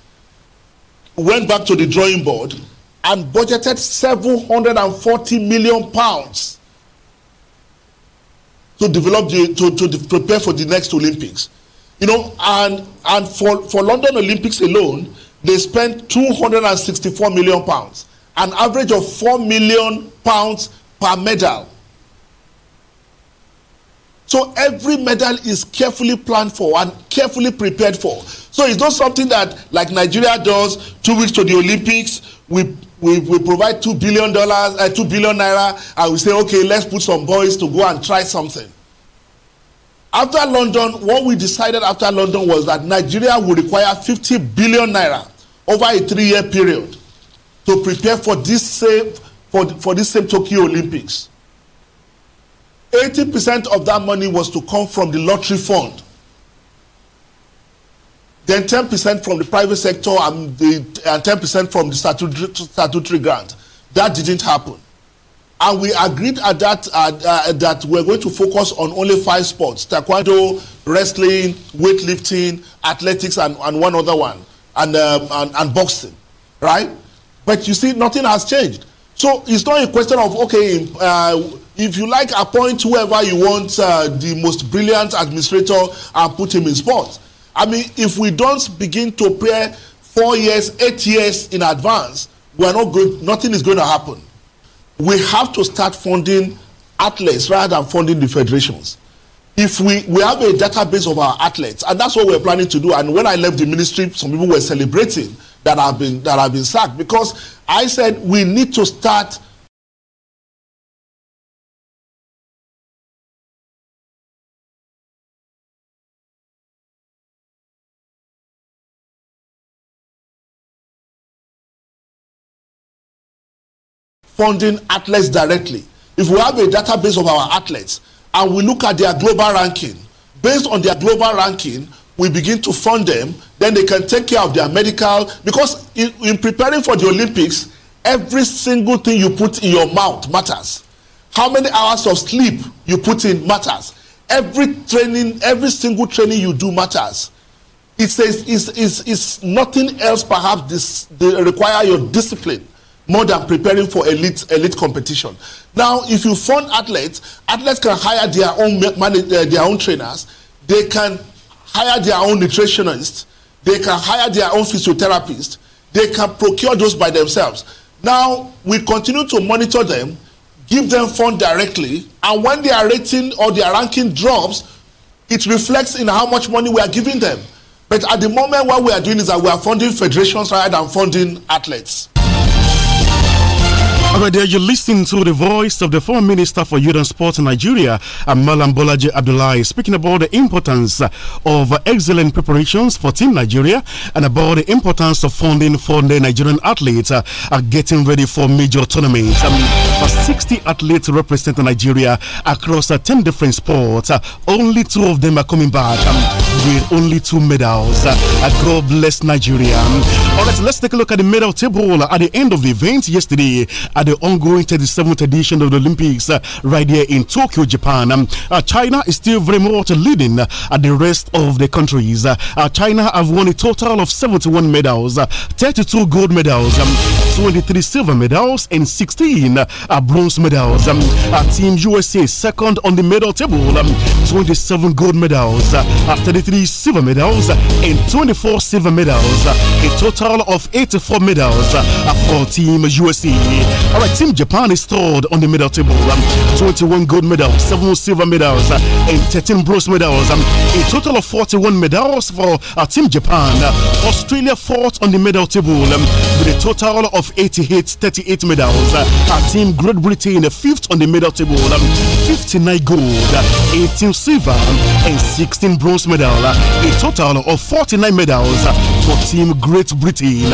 S9: went back to the drawing board and budgeted 740 million pounds to develop the, to, to, to prepare for the next Olympics. You know, and and for, for London Olympics alone, they spent 264 million pounds, an average of 4 million pounds per medal. So every medal is carefully planned for and carefully prepared for. So it's not something that, like Nigeria does, two weeks to the Olympics, we we, we provide two billion dollars, uh, two billion naira, and we say, okay, let's put some boys to go and try something. After London, what we decided after London was that Nigeria would require 50 billion naira over a three-year period to prepare for this same for, for this same Tokyo Olympics. 80% of that money was to come from the lottery fund. Then 10% from the private sector and, the, and 10% from the statutory, statutory grant. That didn't happen. And we agreed at that uh, uh, that we're going to focus on only five sports: taekwondo, wrestling, weightlifting, athletics, and, and one other one, and, um, and and boxing, right? But you see, nothing has changed. So it's not a question of okay, uh, if you like, appoint whoever you want, uh, the most brilliant administrator, and put him in sport I mean, if we don't begin to prepare four years, eight years in advance, we are not good. Nothing is going to happen. We have to start funding athletes rather than funding the federations. If we, we have a database of our athletes, and that's what we're planning to do. And when I left the ministry, some people were celebrating that
S1: I've been that I've been sacked because I said we need to start
S10: funding athletes directly.
S9: If we have a database of our athletes and we look at their global ranking, based on their global ranking, we begin to fund them, then they can take care of their medical. Because in, in preparing for the Olympics, every single thing you put in your mouth matters. How many hours of sleep you put in matters. Every training, every single training you do matters. It says it's, it's, it's nothing else perhaps this, they require your discipline more than preparing for elite elite competition. Now, if you fund athletes, athletes can hire their own manage, uh, their own trainers. They can hire their own nutritionists. They can hire their own physiotherapists. They can procure those by themselves. Now, we continue to monitor them, give them fund directly, and when their rating or their ranking drops, it reflects in how much money we are giving them. But at the moment, what we are doing is that we are funding federations rather than funding athletes.
S7: All right, there you listen to the voice of the foreign minister for youth and sports in Nigeria, Malam Bolaji Abdullahi, speaking about the importance of excellent preparations for Team Nigeria and about the importance of funding for the Nigerian athletes uh, are getting ready for major tournaments. Um, 60 athletes represent Nigeria across uh, 10 different sports. Uh, only two of them are coming back um, with only two medals. God bless Nigeria. All right, let's take a look at the medal table at the end of the event yesterday at the ongoing 37th edition of the Olympics uh, right here in Tokyo, Japan. Um, uh, China is still very much leading uh, at the rest of the countries. China have won a total of 71 medals, 32 gold medals, um, 23 silver medals, and 16 bronze medals. Um, Team USA second on the medal table, um, 27 gold medals, 33 silver medals, and 24 silver medals. A total of 84 medals for Team USA. All right, Team Japan is third on the medal table. Um, 21 gold medals, 7 silver medals, uh, and 13 bronze medals. Um, a total of 41 medals for uh, Team Japan. Uh, Australia fourth on the medal table um, with a total of 88, 38 medals. Uh, Team Great Britain uh, fifth on the medal table, um, 59 gold, uh, 18 silver, um, and 16 bronze medals. Uh, a total of 49 medals for Team Great Britain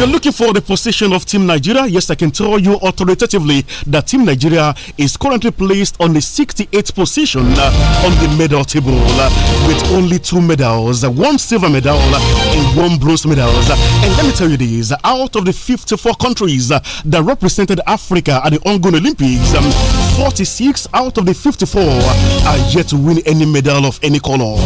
S7: you're looking for the position of Team Nigeria, yes, I can tell you authoritatively that Team Nigeria is currently placed on the 68th position uh, on the medal table uh, with only two medals, uh, one silver medal and one bronze medal. And let me tell you this, out of the 54 countries that represented Africa at the ongoing Olympics, um, 46 out of the 54 are yet to win any medal of any color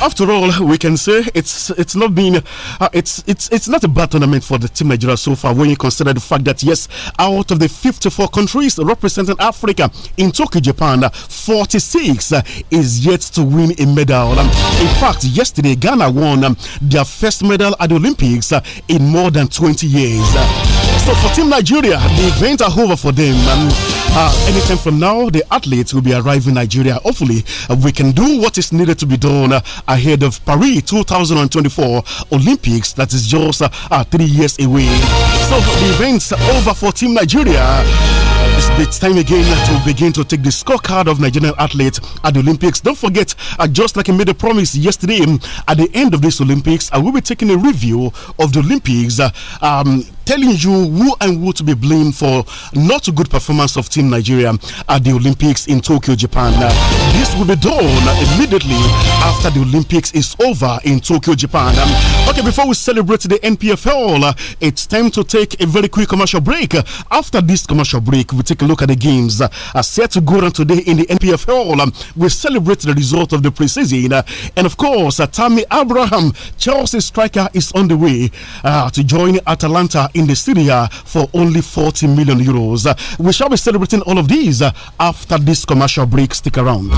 S7: after all, we can say it's it's not been uh, it's it's it's not a bad tournament for the team Nigeria so far when you consider the fact that yes, out of the 54 countries representing Africa in Tokyo, Japan, uh, 46 uh, is yet to win a medal. Um, in fact, yesterday Ghana won um, their first medal at the Olympics uh, in more than 20 years. So for Team Nigeria, the events are over for them. And uh, anytime from now, the athletes will be arriving Nigeria. Hopefully, uh, we can do what is needed to be done uh, ahead of Paris 2024 Olympics that is just uh, uh, three years away. So the events are over for Team Nigeria. It's time again to begin to take the scorecard of Nigerian athletes at the Olympics. Don't forget, uh, just like I made a promise yesterday, um, at the end of this Olympics, I will be taking a review of the Olympics uh, um, telling you who and who to be blamed for not a good performance of Team Nigeria at the Olympics in Tokyo, Japan. Uh, this will be done immediately after the Olympics is over in Tokyo, Japan. Um, okay, before we celebrate the NPFL, uh, it's time to take a very quick commercial break. after this commercial break, we take a look at the games uh, set to go on today in the NPFL. Um, we celebrate the result of the preseason. Uh, and of course, uh, Tammy Abraham, Chelsea striker, is on the way uh, to join Atalanta in the Syria for only 40 million euros. We shall be celebrating all of these after this commercial break. Stick around.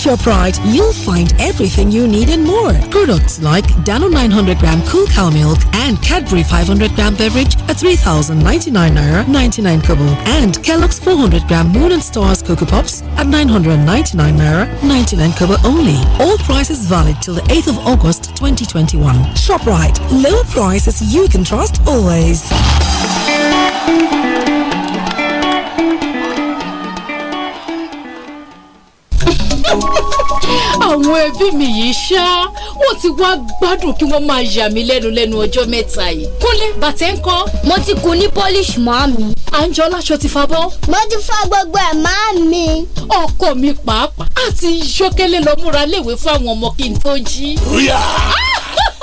S5: ShopRite, you'll find everything you need and more. Products like Danone 900 gram cool cow milk and Cadbury 500 gram beverage at 3,099 naira 99 kobo and Kellogg's 400 gram Moon and Stars Cocoa Pops at 999 naira 99 kobo only. All prices valid till the 8th of August 2021. ShopRite,
S8: low prices you can trust always.
S5: àwọn ẹbí mi yìí ṣá wọn ti wá gbádùn kí wọ́n máa yà mí lẹ́nu lẹ́nu ọjọ́ mẹ́ta yìí. kúnlé bàtẹ́ ń kọ́. mo ti kun ní polish máa mi. àǹjọ láṣọ ti fa bọ́. mo ti fa gbogbo ẹ̀ máa mi. ọkọ mi pàápàá àti yọkẹlẹ lọ múra léwe fún àwọn ọmọ kí n tó jí.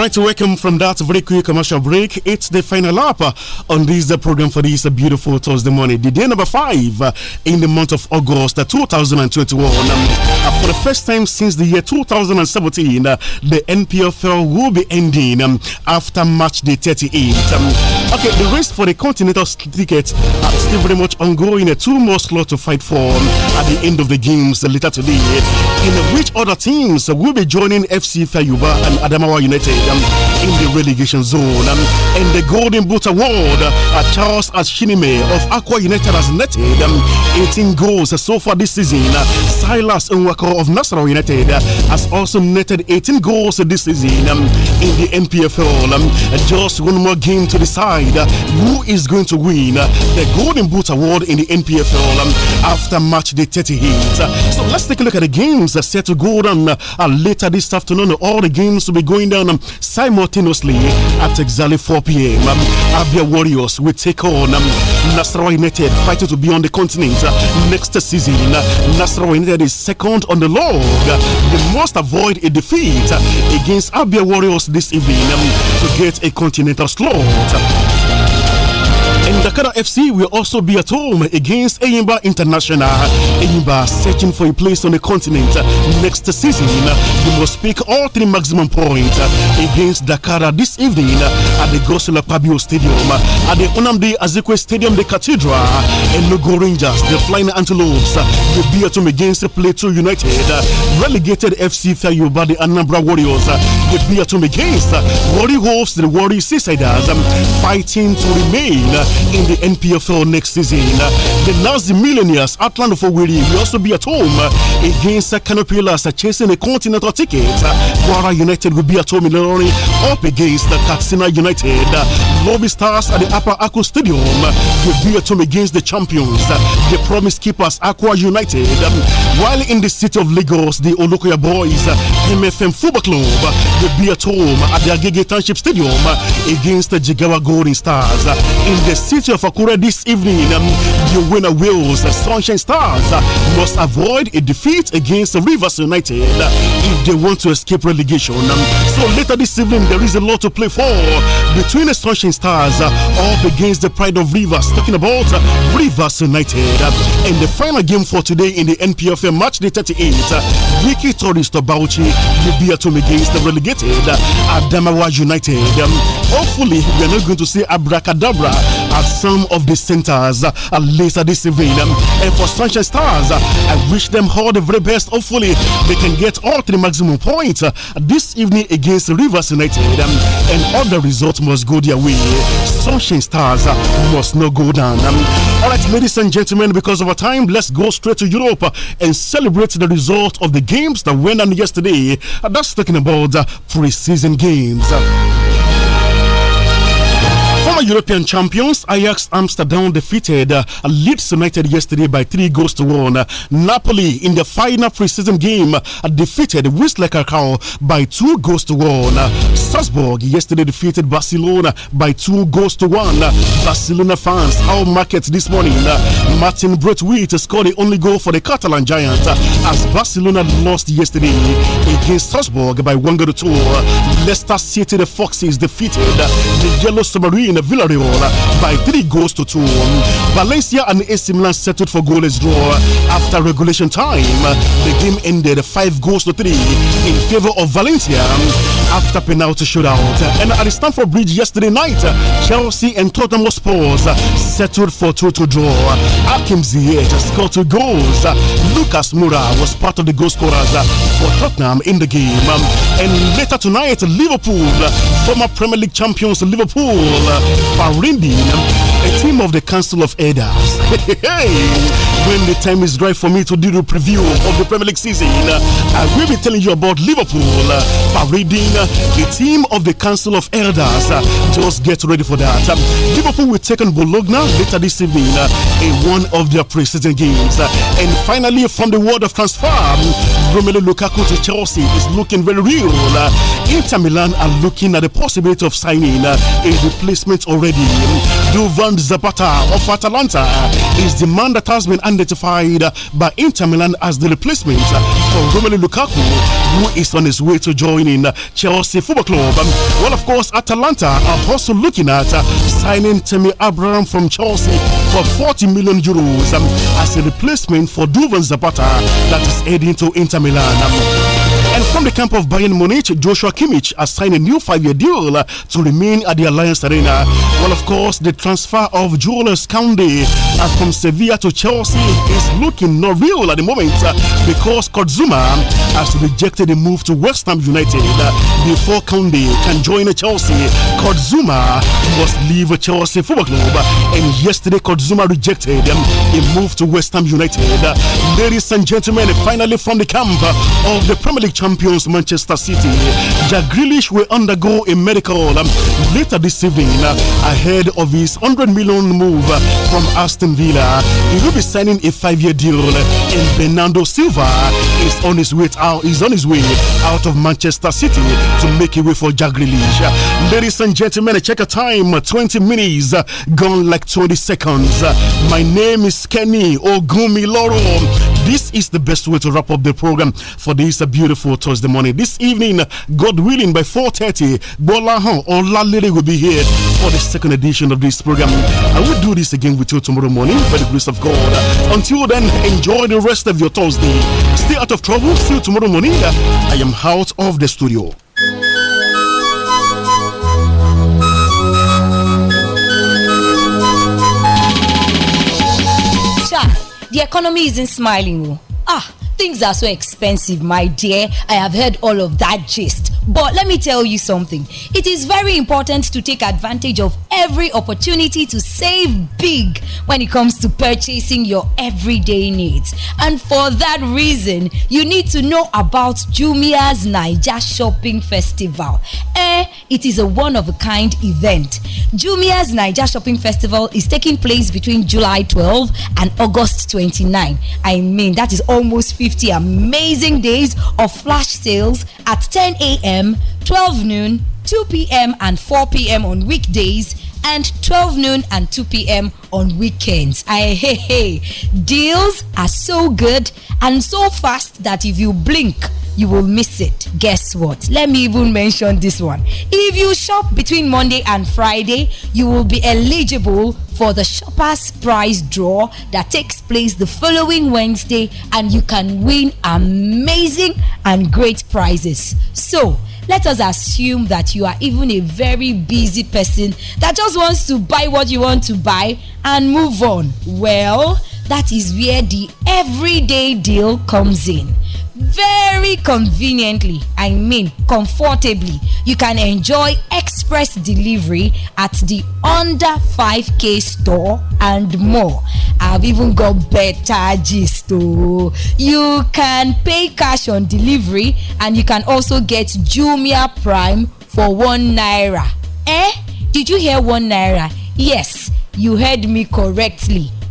S7: right, welcome from that very quick commercial break. It's the final lap uh, on this the uh, program for this uh, beautiful Thursday morning, the day number five in the month of August 2021. Um, for the first time since the year 2017, the NPFL will be ending um, after March the 38th. Um, okay, the race for the Continental ticket is still very much ongoing. two more slots to fight for at the end of the games later today, in which other teams will be joining FC Fayuba and Adamawa United um, in the relegation zone. Um, and the Golden Boot Award, uh, Charles Ashinime of Aqua United has netted um, 18 goals so far this season. Uh, Silas Nwako of Nassau United uh, has also netted 18 goals this season um, in the NPFL. Um, just one more game to decide uh, who is going to win uh, the Golden Boot Award in the NPFL um, after match day 38. so let's take a look at the games set to go down uh, later this afternoon. All the games will be going down um, simultaneously at exactly 4 p.m. Um, Abia Warriors will take on um, Nasarawa United, fighting to be on the continent uh, next season. Uh, Nasarawa United is second on the log. Uh, they must avoid a defeat uh, against Abia Warriors this evening um, to get a continental slot. And Dakar FC will also be at home against Eyimba International. Eyimba searching for a place on the continent next season. They must pick all three maximum points against Dakar this evening at the Gosula Pabio Stadium, at the Onamdi Azikwe Stadium, the Cathedral, and the Rangers, the Flying Antelopes, will be at home against Plateau United. Relegated FC Fayuba, the Anambra Warriors, will be at home against Warrior Wolves, the Warrior Seasiders, fighting to remain in the NPFL next season. The Nazi Millionaires, Atlanta for Willie, will also be at home against Canopy Last, chasing a continental ticket. Guara United will be at home in Lorry up against Katsina United. Lobby Stars at the Upper Aqua Stadium will be at home against the champions, the promise keepers Aqua United. While in the city of Lagos, the Olokoya Boys, MFM Football Club will be at home at the Agege Township Stadium against the Jigawa Golden Stars. In the city of Akure this evening, the winner wills, Sunshine Stars must avoid a defeat against Rivers United if they want to escape relegation. So later this evening, there is a lot to play for between the Sunshine Shooting Stars uh, up against the Pride of Rivers. Talking about uh, Rivers United. Uh, and the final game for today in the NPFA match day 38, Vicky Torres Tabauchi will be at home against the relegated Adamawa United. Um, hopefully, we are not going to see abracadabra at some of the centers later this evening. And for Sunshine Stars, I wish them all the very best. Hopefully, they can get all three maximum points uh, this evening against Rivers United. Um, and all the results must go their way. Sunshine Stars uh, must not go down. Um, all right, ladies and gentlemen, because of our time, let's go straight to Europe uh, and celebrate the result of the games that went on yesterday. That's talking about pre-season games. Former European champions Ajax Amsterdam defeated uh, Leeds United yesterday by three goals to one. Napoli in the final preseason game uh, defeated Whistler Krakow by two goals to one. Salzburg yesterday defeated Barcelona by two goals to one. Barcelona fans, our market this morning. Martin Braithwaite scored the only goal for the Catalan giant uh, as Barcelona lost yesterday against Salzburg by one goal to two. Leicester City the Foxes defeated the Yellow Submarine Villarreal by three goals to two. Valencia and AC Milan settled for goalless draw after regulation time. The game ended five goals to three in favor of Valencia after penalty shootout. And at the Stamford Bridge yesterday night, Chelsea and Tottenham Spurs settled for 2 to draw. Hakim Ziyech scored two goals. Lucas Moura was part of the goal scorers for Tottenham in the game. And later tonight, Liverpool, former Premier League champions Liverpool, Parindi, a team of the Council of Elders. [LAUGHS] When the time is right for me to do the preview of the Premier League season, uh, I will be telling you about Liverpool uh, parading uh, the team of the Council of Elders. Just get ready for that. Um, Liverpool will take on Bologna later this evening in one of their preseason games. And finally, from the world of transfer, um, Romelu Lukaku to Chelsea is looking very real. Inter Milan are looking at the possibility of signing a replacement already. Um, Duvan Zapata of Atalanta is the man that has been identified by Inter Milan as the replacement for Romelu Lukaku, who is on his way to joining Chelsea Football Club. Well, of course, Atalanta are also looking at signing Tammy Abraham from Chelsea for 40 million euros um, as a replacement for Duvan Zapata that is heading to Inter Milan. From the camp of Bayern Munich, Joshua Kimmich has signed a new five-year deal to remain at the Alliance Arena. Well, of course, the transfer of Joel Kounde from Sevilla to Chelsea is looking not real at the moment uh, because Kozuma has rejected a move to West Ham United uh, before Koundé can join Chelsea. Kozuma must leave Chelsea Football Club, and yesterday Kozuma rejected a um, move to West Ham United. Uh, ladies and gentlemen, finally from the camp of the Premier League champion champions Manchester City. Jack Grealish will undergo a medical um, later this evening uh, ahead of his 100 million move uh, from Aston Villa. He will be signing a five-year deal, uh, and Bernardo Silva is on his way out. Uh, He's on his way out of Manchester City to make a way for Jack Grealish. Ladies and gentlemen, check a time: 20 minutes uh, gone like 20 seconds. My name is Kenny Ogumiloro. This is the best way to wrap up the program for this beautiful Thursday morning. This evening, God willing, by 4.30, Bolahan or Lalere will be here for the second edition of this program. I will do this again with you tomorrow morning by the grace of God. Until then, enjoy the rest of your Thursday. Stay out of trouble. See you tomorrow morning. I am out of the studio.
S8: the economy isn't smiling. Oh. Ah, things are so expensive, my dear. I have heard all of that gist. But let me tell you something. It is very important to take advantage of every opportunity to save big when it comes to purchasing your everyday needs. And for that reason, you need to know about Jumia's Nigeria Shopping Festival. Eh, it is a one of a kind event. Jumia's Nigeria Shopping Festival is taking place between July 12 and August 29. I mean, that is almost 50 50 amazing days of flash sales at 10 a.m., 12 noon, 2 p.m., and 4 p.m. on weekdays and 12 noon and 2 p.m. on weekends. I hey hey, deals are so good and so fast that if you blink, you will miss it. Guess what? Let me even mention this one. If you shop between Monday and Friday, you will be eligible for the shoppers prize draw that takes place the following Wednesday and you can win amazing and great prizes. So, let us assume that you are even a very busy person that just wants to buy what you want to buy and move on. Well, that is where the everyday deal comes in very conveniently i mean comfortably you can enjoy express delivery at the under 5k store and more i've even got better gist too oh. you can pay cash on delivery and you can also get jumia prime for one naira eh did you hear one naira yes you heard me correctly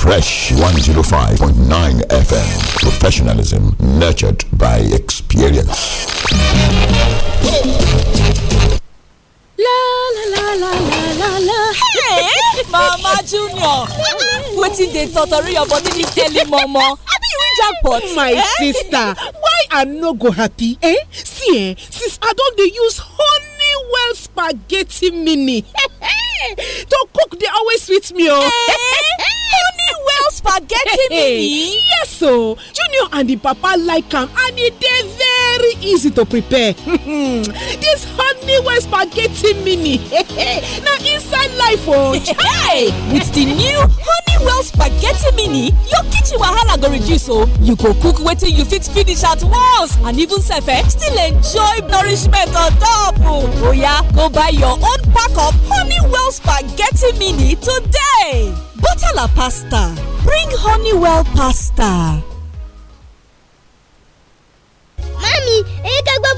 S3: Fresh 105.9 FM. Professionalism nurtured by experience.
S5: La la la la la la Hey, Mama Junior! What Wetin dey totori your body dis daily Mama? Abi you win jackpot? Oh, my eh? sister, why I no go happy? Eh? See eh, since I don dey use honey well spaghetti mini [LAUGHS] to cook dey always sweet me o. Oh. Eh? [LAUGHS] Honeywell spaghetti [LAUGHS] mini. Yes o, oh. Junior and the papa like am and e dey very easy to prepare. This Honeywell spaghetti mini na inside life o. Oh. With the new Honeywell spaghetti mini, your kitchen wahala go reduce o. You go cook wetin you fit finish at once and even sef eh, still enjoy nourishment on top o. Oya, go buy your own pack of Honeywell Spaghetti Mini today. Butala pasta. Bring Honeywell pasta. Mami, ẹ ká gbá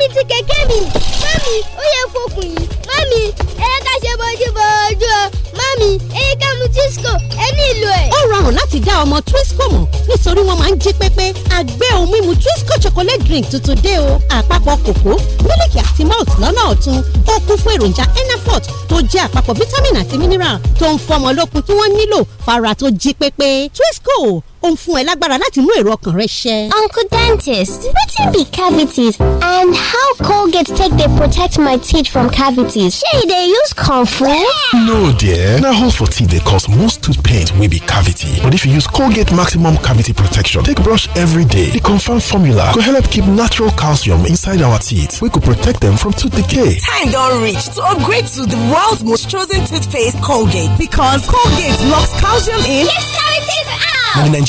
S5: mami ti kẹ̀kẹ́ mi mami ó yẹ fokùn yìí mami ẹ̀yẹ ká ṣe bójúbójú o mami ẹ̀yẹ ká mu twisco ẹ nílò ẹ̀. ó rọrùn láti dá ọmọ twisco mọ̀ nítorí wọ́n máa ń jí pépé àgbẹ̀ ohun mímu twisco chocolate drink tuntun dé o àpapọ̀ kòkó mílìkì àti malt lọ́nà ọ̀tun ó kún fún èròjà enafort tó jẹ́ àpapọ̀ vitamin àti mineral tó ń fọmọ lókun tí wọ́n nílò fara tó jí pépé twisco ó ń fún ẹ lágbára láti mú èrò ọkàn rẹ ṣẹ. uncle dentist wetin be cavities and how colgate take dey protect my teeth from cavities shey e dey use comfort?
S7: no dear na hole for teeth dey cause most tooth pain wey be cavity but if you use colgate maximum cavity protection take brush every day the confam formula go help keep natural calcium inside our teeth wey go protect them from tooth decay.
S5: time don reach to upgrade to the world's most chosen toothpaste colgate because colgate locks
S10: calcium in. yes cavities out.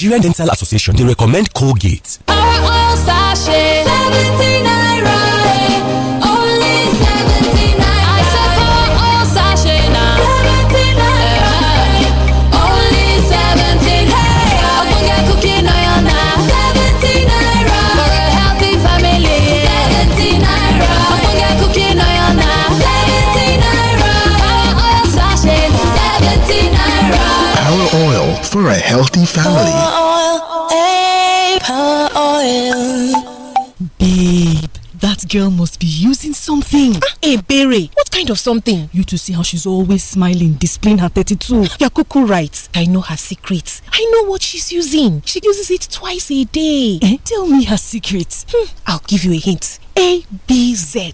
S7: Nigerian Dental Association, they recommend Colgate.
S5: healthy family.
S10: Eh,
S5: babe, that girl must be using something. A ah, hey, eh, Berry, what kind of something? You to see how she's always smiling, displaying her 32. Yakuku writes, cuckoo right. I know her secrets. I know what she's using. She uses it twice a day. Eh? Tell me her secrets. Hmm. I'll give you a hint. A B Z.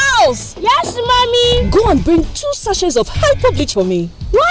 S5: Yes, mommy! Go and bring two sachets of hyper bleach for me. What?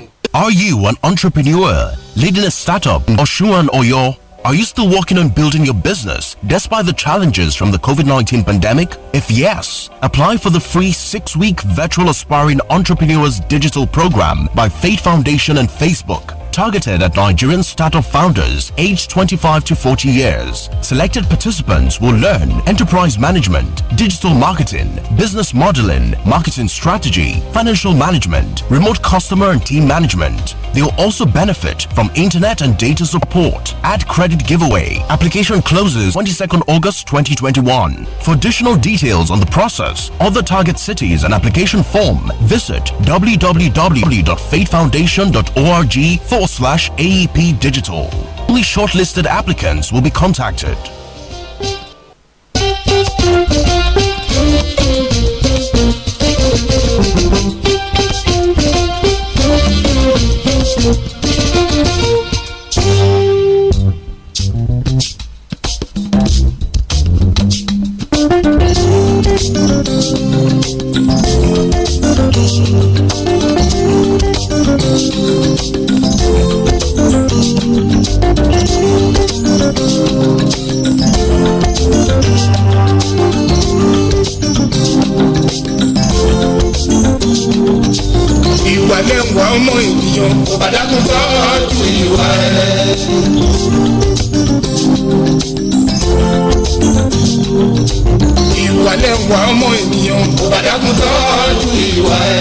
S7: Are you an entrepreneur, leading a startup, or Shuan your? Are you still working on building your business despite the challenges from the COVID 19 pandemic? If yes, apply for the free six week virtual aspiring entrepreneurs digital program by Fate Foundation and Facebook targeted at Nigerian startup founders aged 25 to 40 years. Selected participants will learn enterprise management, digital marketing, business modeling, marketing strategy, financial management, remote customer and team management. They'll also benefit from internet and data support. Add credit giveaway. Application closes 22nd August 2021. For additional details on the process, other target cities and application form, visit www.fatefoundation.org forward slash AEP Digital. Only shortlisted applicants will be contacted.
S10: Thank you.
S11: ìwà ọmọ ènìyàn kò bá dákun tọ́jú ìwà ẹ̀. ìwà lẹ́wà ọmọ ènìyàn kò bá dákun tọ́jú ìwà ẹ̀.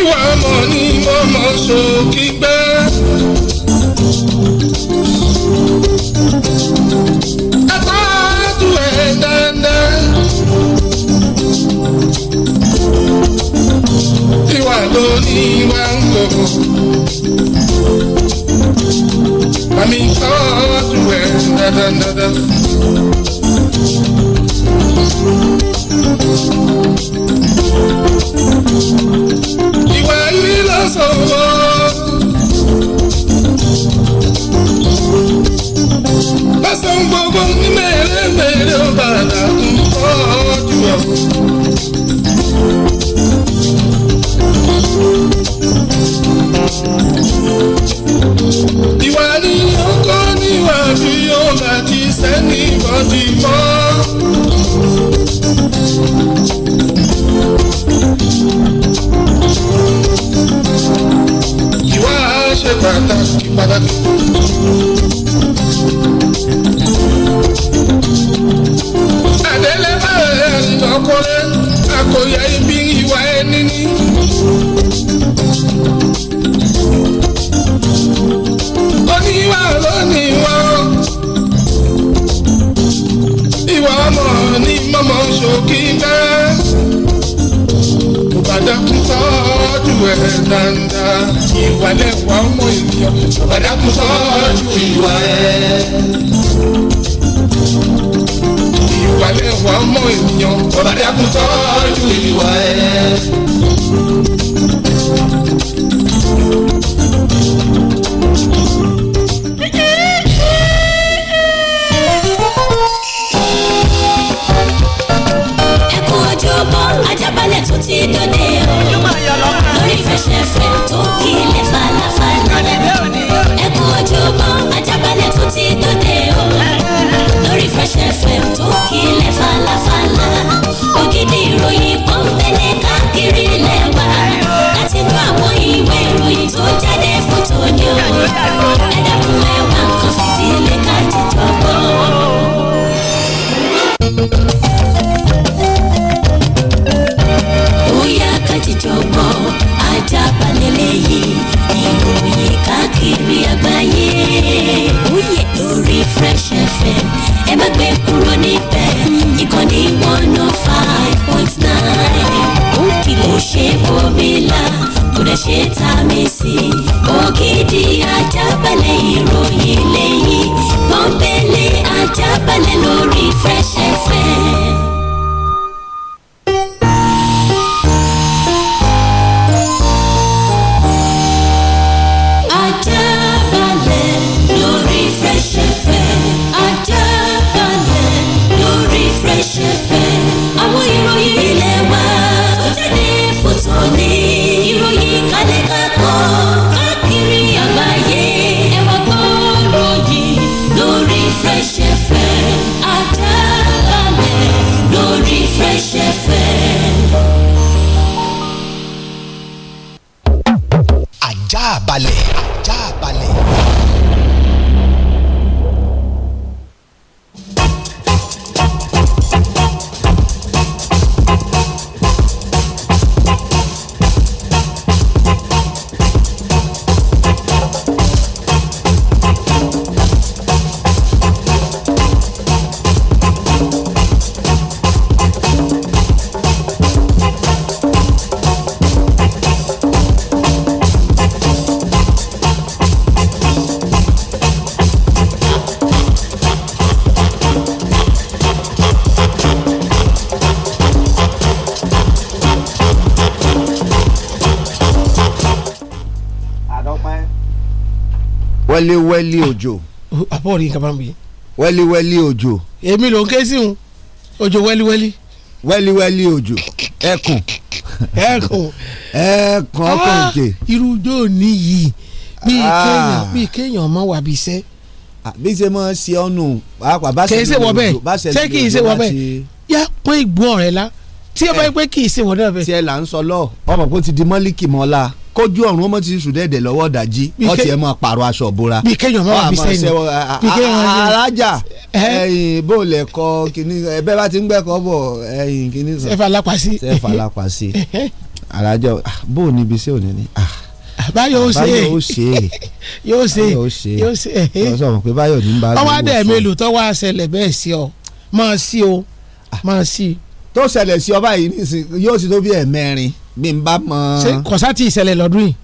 S11: ìwà mọ̀ ni mo mọ̀ sókí
S12: wẹ́lí òjò. àbọ̀ rí nǹkan bá mi. wẹ́lí wẹ́lí òjò. èmi ló ń ké sí un òjò wẹ́lí
S13: wẹ́lí. wẹ́lí wẹ́lí òjò ẹkùn. ẹkùn. ẹkùn ọkùn jè.
S12: Ah, irú ọjọ́ ní yìí bíi ah. kéèyàn bíi kéèyàn mọ́ wà bí iṣẹ́. Ah, bí ṣe mọ ṣe ọnù pàápàá bá ṣe lè lòdò bá ṣe lè lòdò bá ṣe. yá pọ́n ìgbó ọ̀rẹ́ la tí ó bá yẹ eh. pé kì í ṣe wọ náà bẹ́ẹ̀. tiẹ̀ là ń sọ lọ ọmọ kó ti di mọ́líkì mọ́lá kójú ọ̀run ó mọ̀ ti sùn dẹ́dẹ̀ lọ́wọ́ dàjí ó tiẹ̀ máa pààrọ̀ aṣọ bora. bí kéèyàn máa wà bí sẹ́yìn bí kéèyàn máa alájà ẹ̀yìn bó lẹ̀ kọ kínní ẹ̀bẹ́ bá ti ń gbẹ́kọ̀ bọ̀ ẹ̀yìn kínní sọ. sẹ́fà lápàsí. sẹ́fà lápàsí [LAUGHS] alájà bó o níbi sí òní ni báyọ̀ ó ṣe báyọ̀ ó ṣe [LAUGHS] yóò ṣe yóò ṣe ọ̀sán mọ̀ pé báyọ̀ ní bá ọwọ́ adé mélòó tó wá ṣẹlẹ̀ bẹ́ẹ̀ sí ọ máa sí o ah. máa sí. tó ṣẹlẹ̀ sí ọ báyìí yóò ti tó bí ẹ̀mẹrin bí n euh, C'est mọ. ṣé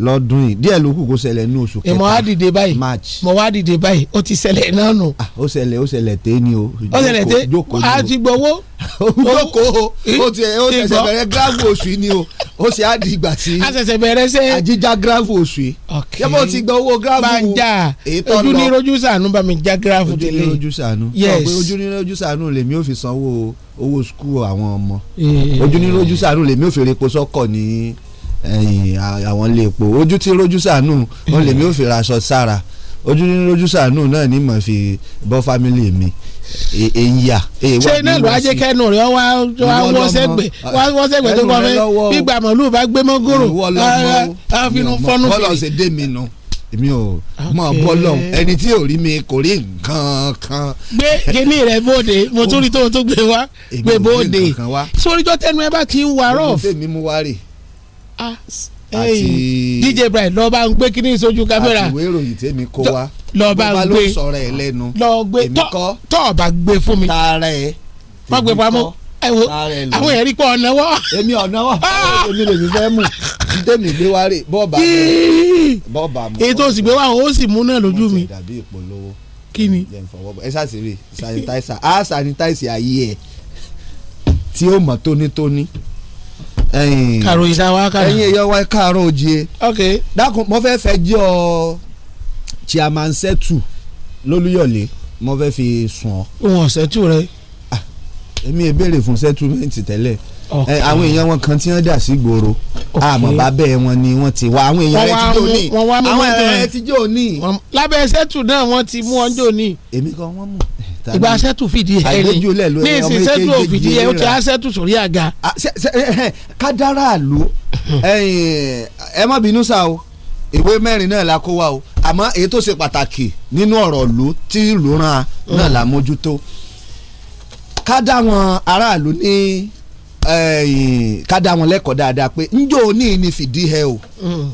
S12: lọ́dún yìí díẹ̀ ló kù kó ṣẹlẹ̀ ní oṣù kẹta mo wá dìde báyìí march wá dìde báyìí ó ti ṣẹlẹ̀ náà nù. Ah, ó ṣẹlẹ̀ ó ṣẹlẹ̀ té ni o. ó ṣẹlẹ̀ té a ti gbowó. [LAUGHS] jókòó o ti ó ṣẹ̀ṣẹ̀ bẹ̀rẹ̀ gíráàfù oṣù yìí ni o ó ṣe á di ìgbà tí. a ṣẹ̀ṣẹ̀ bẹ̀rẹ̀ ṣe. àjíjá gíráàfù oṣù yìí. ok yẹ́n bó ti gba owó gíráàfù. bá ń jà ojú ní
S13: rojú sànú bá mi já gíráàfù délé. ojú ní rojú sànú. yes ojú
S12: ní rojú sànú lèmi ò fi sanwó owó skul àwọn ọmọ eh. ò àwọn ilé epo ojú tí rojú sànù wọn lèmi ò fi raṣọ sára ojú ní rojú sànù náà ni mo fi bọ́ fámílì mi èyà. E-, e, ṣé iná ló wá jẹ́ kẹ́nu
S13: rẹ̀ wá wọ́n sẹ́gbẹ̀ wọ́n sẹ́gbẹ̀ tó kọ́ fẹ́ gbígbà
S12: mọ̀lúù bá gbé mọ́gòrò àfinú fọ́nù fèrè. bọ́lọ̀ ṣe dé mi nu èmi ò mọ bọ́lọ̀ ẹni tí ò rí mi kò rí nǹkan kan. gbé kíní rẹ bóde mo tún rí tó tó gbé wá
S13: gbé bóde sórí tó tẹnu ẹ bá kí n wà rọ̀f. èmi ò rí nǹkan kan wá
S12: àti dj
S13: bright lọ́ọ́ bá ń gbé kíní sójú kámẹ́rà àti ìwé
S12: ìròyìn tèmi kó wa lọ́ọ́ bá ń gbé sọ̀rọ̀ ẹ̀ lẹ́nu
S13: èmi kọ́ tọ́ọ̀ bá gbé fún mi tààrà ẹ̀ tèmi kọ́ ẹwọ àwọn ẹ̀rí pọ̀ ọ̀nàwọ́. èmi ọ̀nàwọ́ èmi lèmi fẹ́ mú jíde mi gbé wá rè
S12: bọ́ọ̀bà bọ́ọ̀bà mọ́. ètò òsì gbé wá ó sì mú náà lójú mi. dàbí ìpolówó kí ni. ẹ ṣáàṣì rè sanitizer á sanitizer ayé ẹ tí ó mọ̀ tónítóní kàrò ìsáwá kàrò ẹ̀yin èèyàn wa kàrò òjìye dákun mo fẹ́ fẹ́ jẹ́ ọ chairman sẹ́tù lólúyọ̀lé mo fẹ́ fi sùn ọ. òun ọ̀sẹ̀ tù rẹ. Ah, èmi ò béèrè fún sẹ́tùmẹ́ǹtì tẹ́lẹ̀ àwọn èèyàn wọn kan tí wọ́n dà sí gbòòrò àmọ́ bàbẹ́ wọn ni wọ́n ti wá àwọn èèyàn
S13: rẹ̀ ti jò ní àwọn èèyàn rẹ̀ ti jò ní. lábẹ́ sẹ́tù náà wọ́n ti mú ọjọ́ ní. èmi kan wọ́n
S12: mú. Eh, ìgbà sẹ́tù
S13: fìdí ẹ̀ ni ní ìsìn sẹ́tù òfìdí ẹ̀ ó ti á
S12: sẹ́tù sórí àga. Ah, eh, eh, kádàrá àlò ẹ má bínú sá o ìwé mẹ́rin náà la kó wa o àmọ́ èyí tó ṣe pàtàkì nínú ọ̀rọ̀ ìlú tí ìlú ràn náà la mójútó ká dá wọn aráàlú ní ká dá wọn lẹ́kọ̀ọ́ dáadáa pé njó òní ni fìdí ẹ o mm.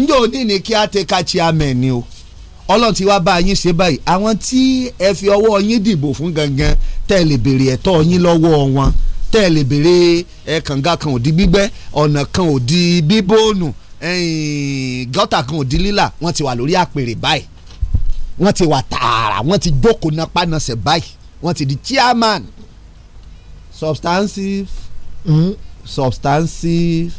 S12: njó òní ni kí á tẹ ká chairman ni o ọlọ́run ti wá bá yín ṣe báyìí àwọn tí ẹ fi ọwọ́ yín dìbò fún gangan tẹ́ ẹ lè béèrè ẹ̀tọ́ yín lọ́wọ́ wọn tẹ́ ẹ lè béèrè ẹ kànga kan ò di gbígbẹ́ ọ̀nà kan ò di bíbóònù gọ́tà kan ò di lílà wọ́n ti wà lórí àpèrè báyìí wọ́n ti wà tààrà wọ́n ti jókòó napánasẹ̀ báyìí wọ́n ti di chairman substantive Hmm. substantive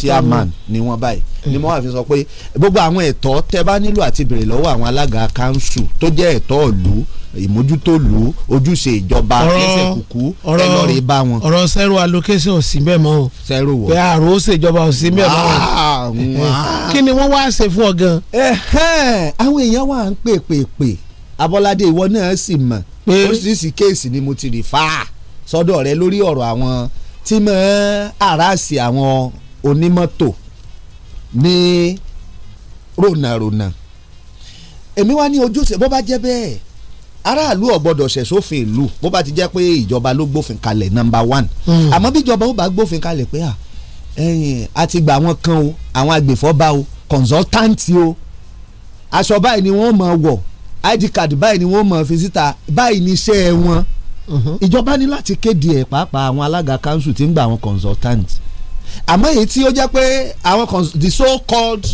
S12: chairman ni wọ́n báyìí hmm. ni mo wà fi sọ pé gbogbo àwọn ẹ̀tọ́ tẹ́ bá nílò àti béèrè lọ́wọ́ àwọn alága kanṣu tó jẹ́ ẹ̀tọ́ ìlú ìmójútólù ojúṣe ìjọba ẹsẹ̀ kúkú ẹlọ́rìí bá wọn.
S13: ọ̀rọ̀ zero allocation ò sí bẹ́ẹ̀ mọ́ o. zero wọ. pé àrò ó ṣèjọba ò sí bẹ́ẹ̀ mọ́ o.
S12: kí ni wọ́n wá ṣe fún ọ gan. àwọn èèyàn wà ń pè pè ìwọ náà sì mọ̀ oríṣiríṣi kéèsì ni mo ti rì fáà sọ́dọ̀ rẹ lórí ọ̀rọ̀ àwọn tí mọ̀ àràsì àwọn onímọ́tò ní rònàrònà èmi wá ní ojúṣe bó bá jẹ́ bẹ́ẹ̀ aráàlú ọ̀gbọ́dọ̀ ṣẹ̀ ìlú bó bá ti jẹ́ pé ìjọba ló gbófin kalẹ̀ nọ́mbà one hmm. àmọ́ bí ìjọba ó bá gbófin kalẹ̀ pé à a ti gba àwọn kan o àwọn agbèfọ́ba o consultanti o aṣọ báyìí ni wọ́n máa wọ̀ id card báyìí ni wọ́n máa fi báyìí ni iṣẹ́ wọn. Mhm. ìjọba ní láti kéde ẹ̀ pàápàá àwọn alága kanṣu tí ń gba àwọn consultant àmọ́ èyí tí ó jẹ́ pé àwọn the so called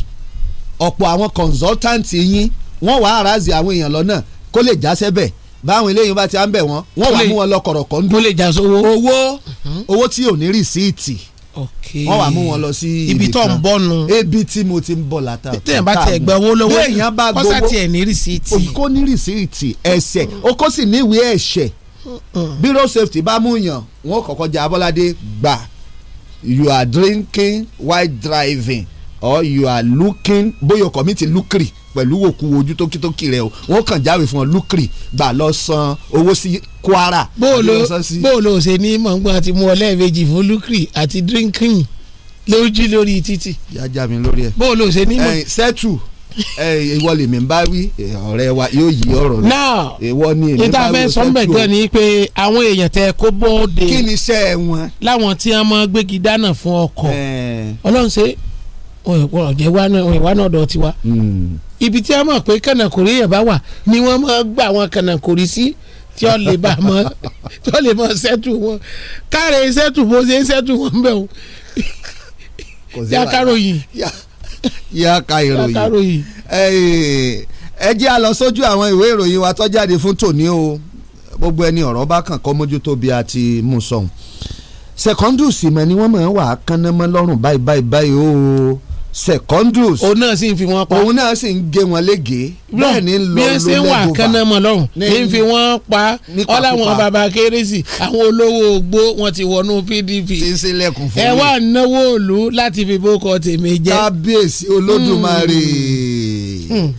S12: ọ̀pọ̀ àwọn consultant yín wọ́n wàá arazi àwọn èèyàn lọ́nà kó lè jásẹ́ bẹ́ẹ̀ báwọn eléyìí bá ti à ń bẹ̀ wọ́n wọ́n wàá mú wọn lọ kọ̀rọ̀kọ̀ ń dún kó lè jásẹ́ owó owó mhm. owó tí ò ní rìsíìtì wọ́n wàá mú wọn lọ sí ibi tó ń bọ̀ nu ebi tí mo ti ń bọ̀ látà tẹ̀yìn bá tẹ̀ gbẹ owó lọ́wọ́ kọ́sà tiẹ̀ ní rìsíìtì kó ní rìsíìtì ẹ̀ṣẹ̀ o kó sì níwèé ẹ̀ṣẹ̀ Bureau road safety bá mú yàn wọn kọ́kọ́ jẹ́ abọ́ládé gbà you are drinking while driving or you are looking bóyá ọkọ̀ mi ti lukiri pẹ̀lú òkú ojú tókítókì rẹ o wọn kàn jáwé fún ọ lukiri gbà lọ san owó sí kwara. bóòlù bóòlù
S13: ṣe ní mọ̀ngbọ́n àti mú ọ lẹ́ẹ̀mejì fún lukiri àti drinking lójú lórí títì.
S12: yájà mi lórí ẹ. bóòlù ṣe ní mọ̀. ẹ sẹ́tù ìwọ lèmi ń bá wí ọ̀rẹ́ wa yóò yí ọ̀rọ̀ rẹ̀ ìwọ ni èmi bá wí sọ pé o. ni
S13: pé àwọn èèyàn tẹ kó bọ́ọ̀dẹ kí ni iṣẹ́ wọn. láwọn tí wọn máa gbégi dáná fún ọkọ̀ ọlọ́run ṣe ọ̀jẹ̀ wa náà dọ̀ tiwa. Hmm. ibi tí a mọ̀ pé kànákòrí yẹn bá wà ni wọ́n máa gbà wọn kànákòrí sí tí ó lè bá mọ́ tí ó lè mọ́ sẹ́tù wọn káre sẹ́tù bó ṣe sẹ́tù wọn bẹ́ẹ̀ o
S12: yá ka ìròyìn ẹ jẹ́ a lọ sójú àwọn ìwé ìròyìn wa tó fún tòní o gbogbo ẹni ọ̀rọ̀ bá kàn kọ́ mójútó bí a ti mú sọ̀hún sẹ̀kọ́ndù sì mọ̀ ni wọ́n mọ̀ kánnámọ́ lọ́rùn báyìí báyìí báyìí o secondus. òun náà sì ń fi wọn pa. òun náà sì ń gé wọn lége. bẹ́ẹ̀ ni ń lọ ló
S13: lẹ́gọ̀ọ́ bá. bí ẹ ṣe ń wà kánná mọ́ lọ́rùn ní ń fi wọ́n pa ọláwọn baba kérésì àwọn olówó ògbó wọn ti wọnú pdp. ti sílẹ̀kùn fún mi. ẹ wá náwó òlu láti fi bókọ
S12: tèmi jẹ́. kábíyèsí olódùmarè. Hmm. Hmm.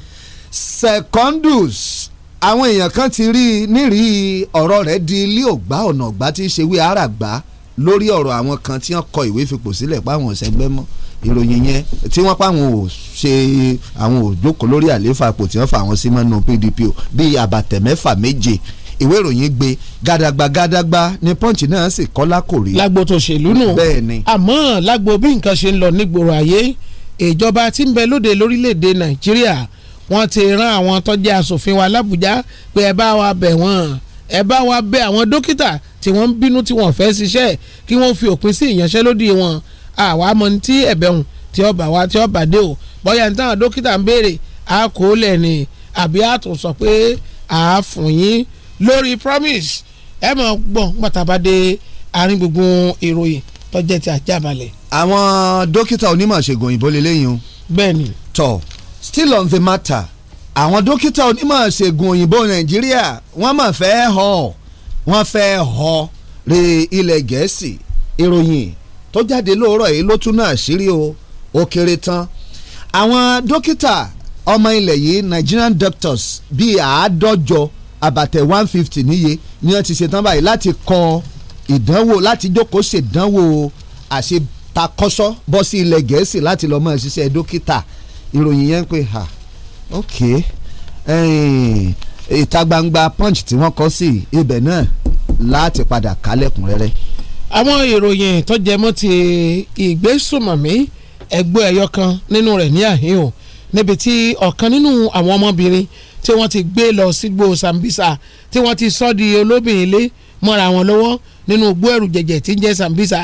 S12: secondus àwọn èèyàn kan ti rí i nírìí ọ̀rọ̀ rẹ̀ di ilé ògbà ọ̀nà ògbà tí í ṣe wí àràgbá lórí ọ̀rọ̀ àwọn kan tí wọ́n kọ ìwé fipò sílẹ̀ pé ọ̀sẹ̀ gbẹ́mọ́ ìròyìn yẹn tí wọ́n pàwọn ò ṣe àwọn ò jókòó lórí àlééfà àpò tí wọ́n fà wọ́n sí mọ́nú PDP o bíi àbàtẹ̀ mẹ́fà méje ìwé ìròyìn gbé gàdàgbà gàdàgbà ni punch náà sì kọ́lá kò rí. lágbo tó ṣèlú nù àmọ́ lágbo bí nǹkan ṣe ń lọ nígboro
S13: ayé ìjọba tí ń bẹ lóde lórílẹ̀‐èdè nàìjíríà wọ́n ti rán àwọn tọ́jú asòfin wa lábújá pé ẹ bá wa bẹ̀ wọ́n ẹ bá wa bẹ̀ àwọn dókítà tí wọ́n ń bínú tí wọ́n fẹ́ ṣiṣẹ́ kí wọ́n fi òpin sí ìyanṣẹ́lódì wọn àwa mọ ní tí ẹ̀bẹ̀ hùn tí ọba wa tí ọba dé o bóyá ní táwọn dókítà ń béèrè a kò lẹ̀ ni àbí a tún sọ pé a fún yín lórí promise ẹ mọ̀ gbọ́n pàtàkì àárín gbogbo ìròyìn tó jẹ́ ti àjàbalẹ̀.
S12: àwọn dókítà onímọ̀ ṣègùn òyìnbó lélẹ́yìn o. bẹ́ẹ̀ni. tọ still on the matter àwọn dókítà onímọ̀ ṣègùn òyìnbó nàìjíríà wọ́n máa fẹ́ họ wọ́n fẹ́ họ re ilẹ̀ gẹ̀ẹ́sì ìròyìn tó jáde lóòrọ̀ yìí ló tún náà sírí o ó kéré tán àwọn dókítà ọmọ ilẹ̀ yìí Nigerian doctors bíi àádọ́jọ àbàtẹ̀ one fifty níye ni wọ́n ti ṣetán báyìí láti kọ ìdánwò láti jókòó ṣèdánwò àṣetakọ́sọ́ bọ́ sí ilẹ̀ gẹ̀ẹ́sì láti lọ́ọ́ máa ṣiṣẹ́ dókítà ìròyìn yẹn ń pè ha ok ìta gbangba punch tí wọ́n kọ sí ibẹ̀ náà láti padà kálẹ̀kùnrẹ́rẹ́ àwọn ìròyìn tó jẹ mọ́ ti ìgbésùmọ̀mí
S13: ẹgbẹ́ ẹ̀yọ kan nínú rẹ̀ ní àhín o níbi tí ọ̀kan nínú àwọn ọmọbìnrin tí wọ́n ti gbé lọ sígbó Sambisa tí wọ́n ti sọ́ di olóbìnrin lé mọ́ra wọn lọ́wọ́ nínú igbó ẹ̀rù jẹ̀jẹ̀ tí ń jẹ́ Sambisa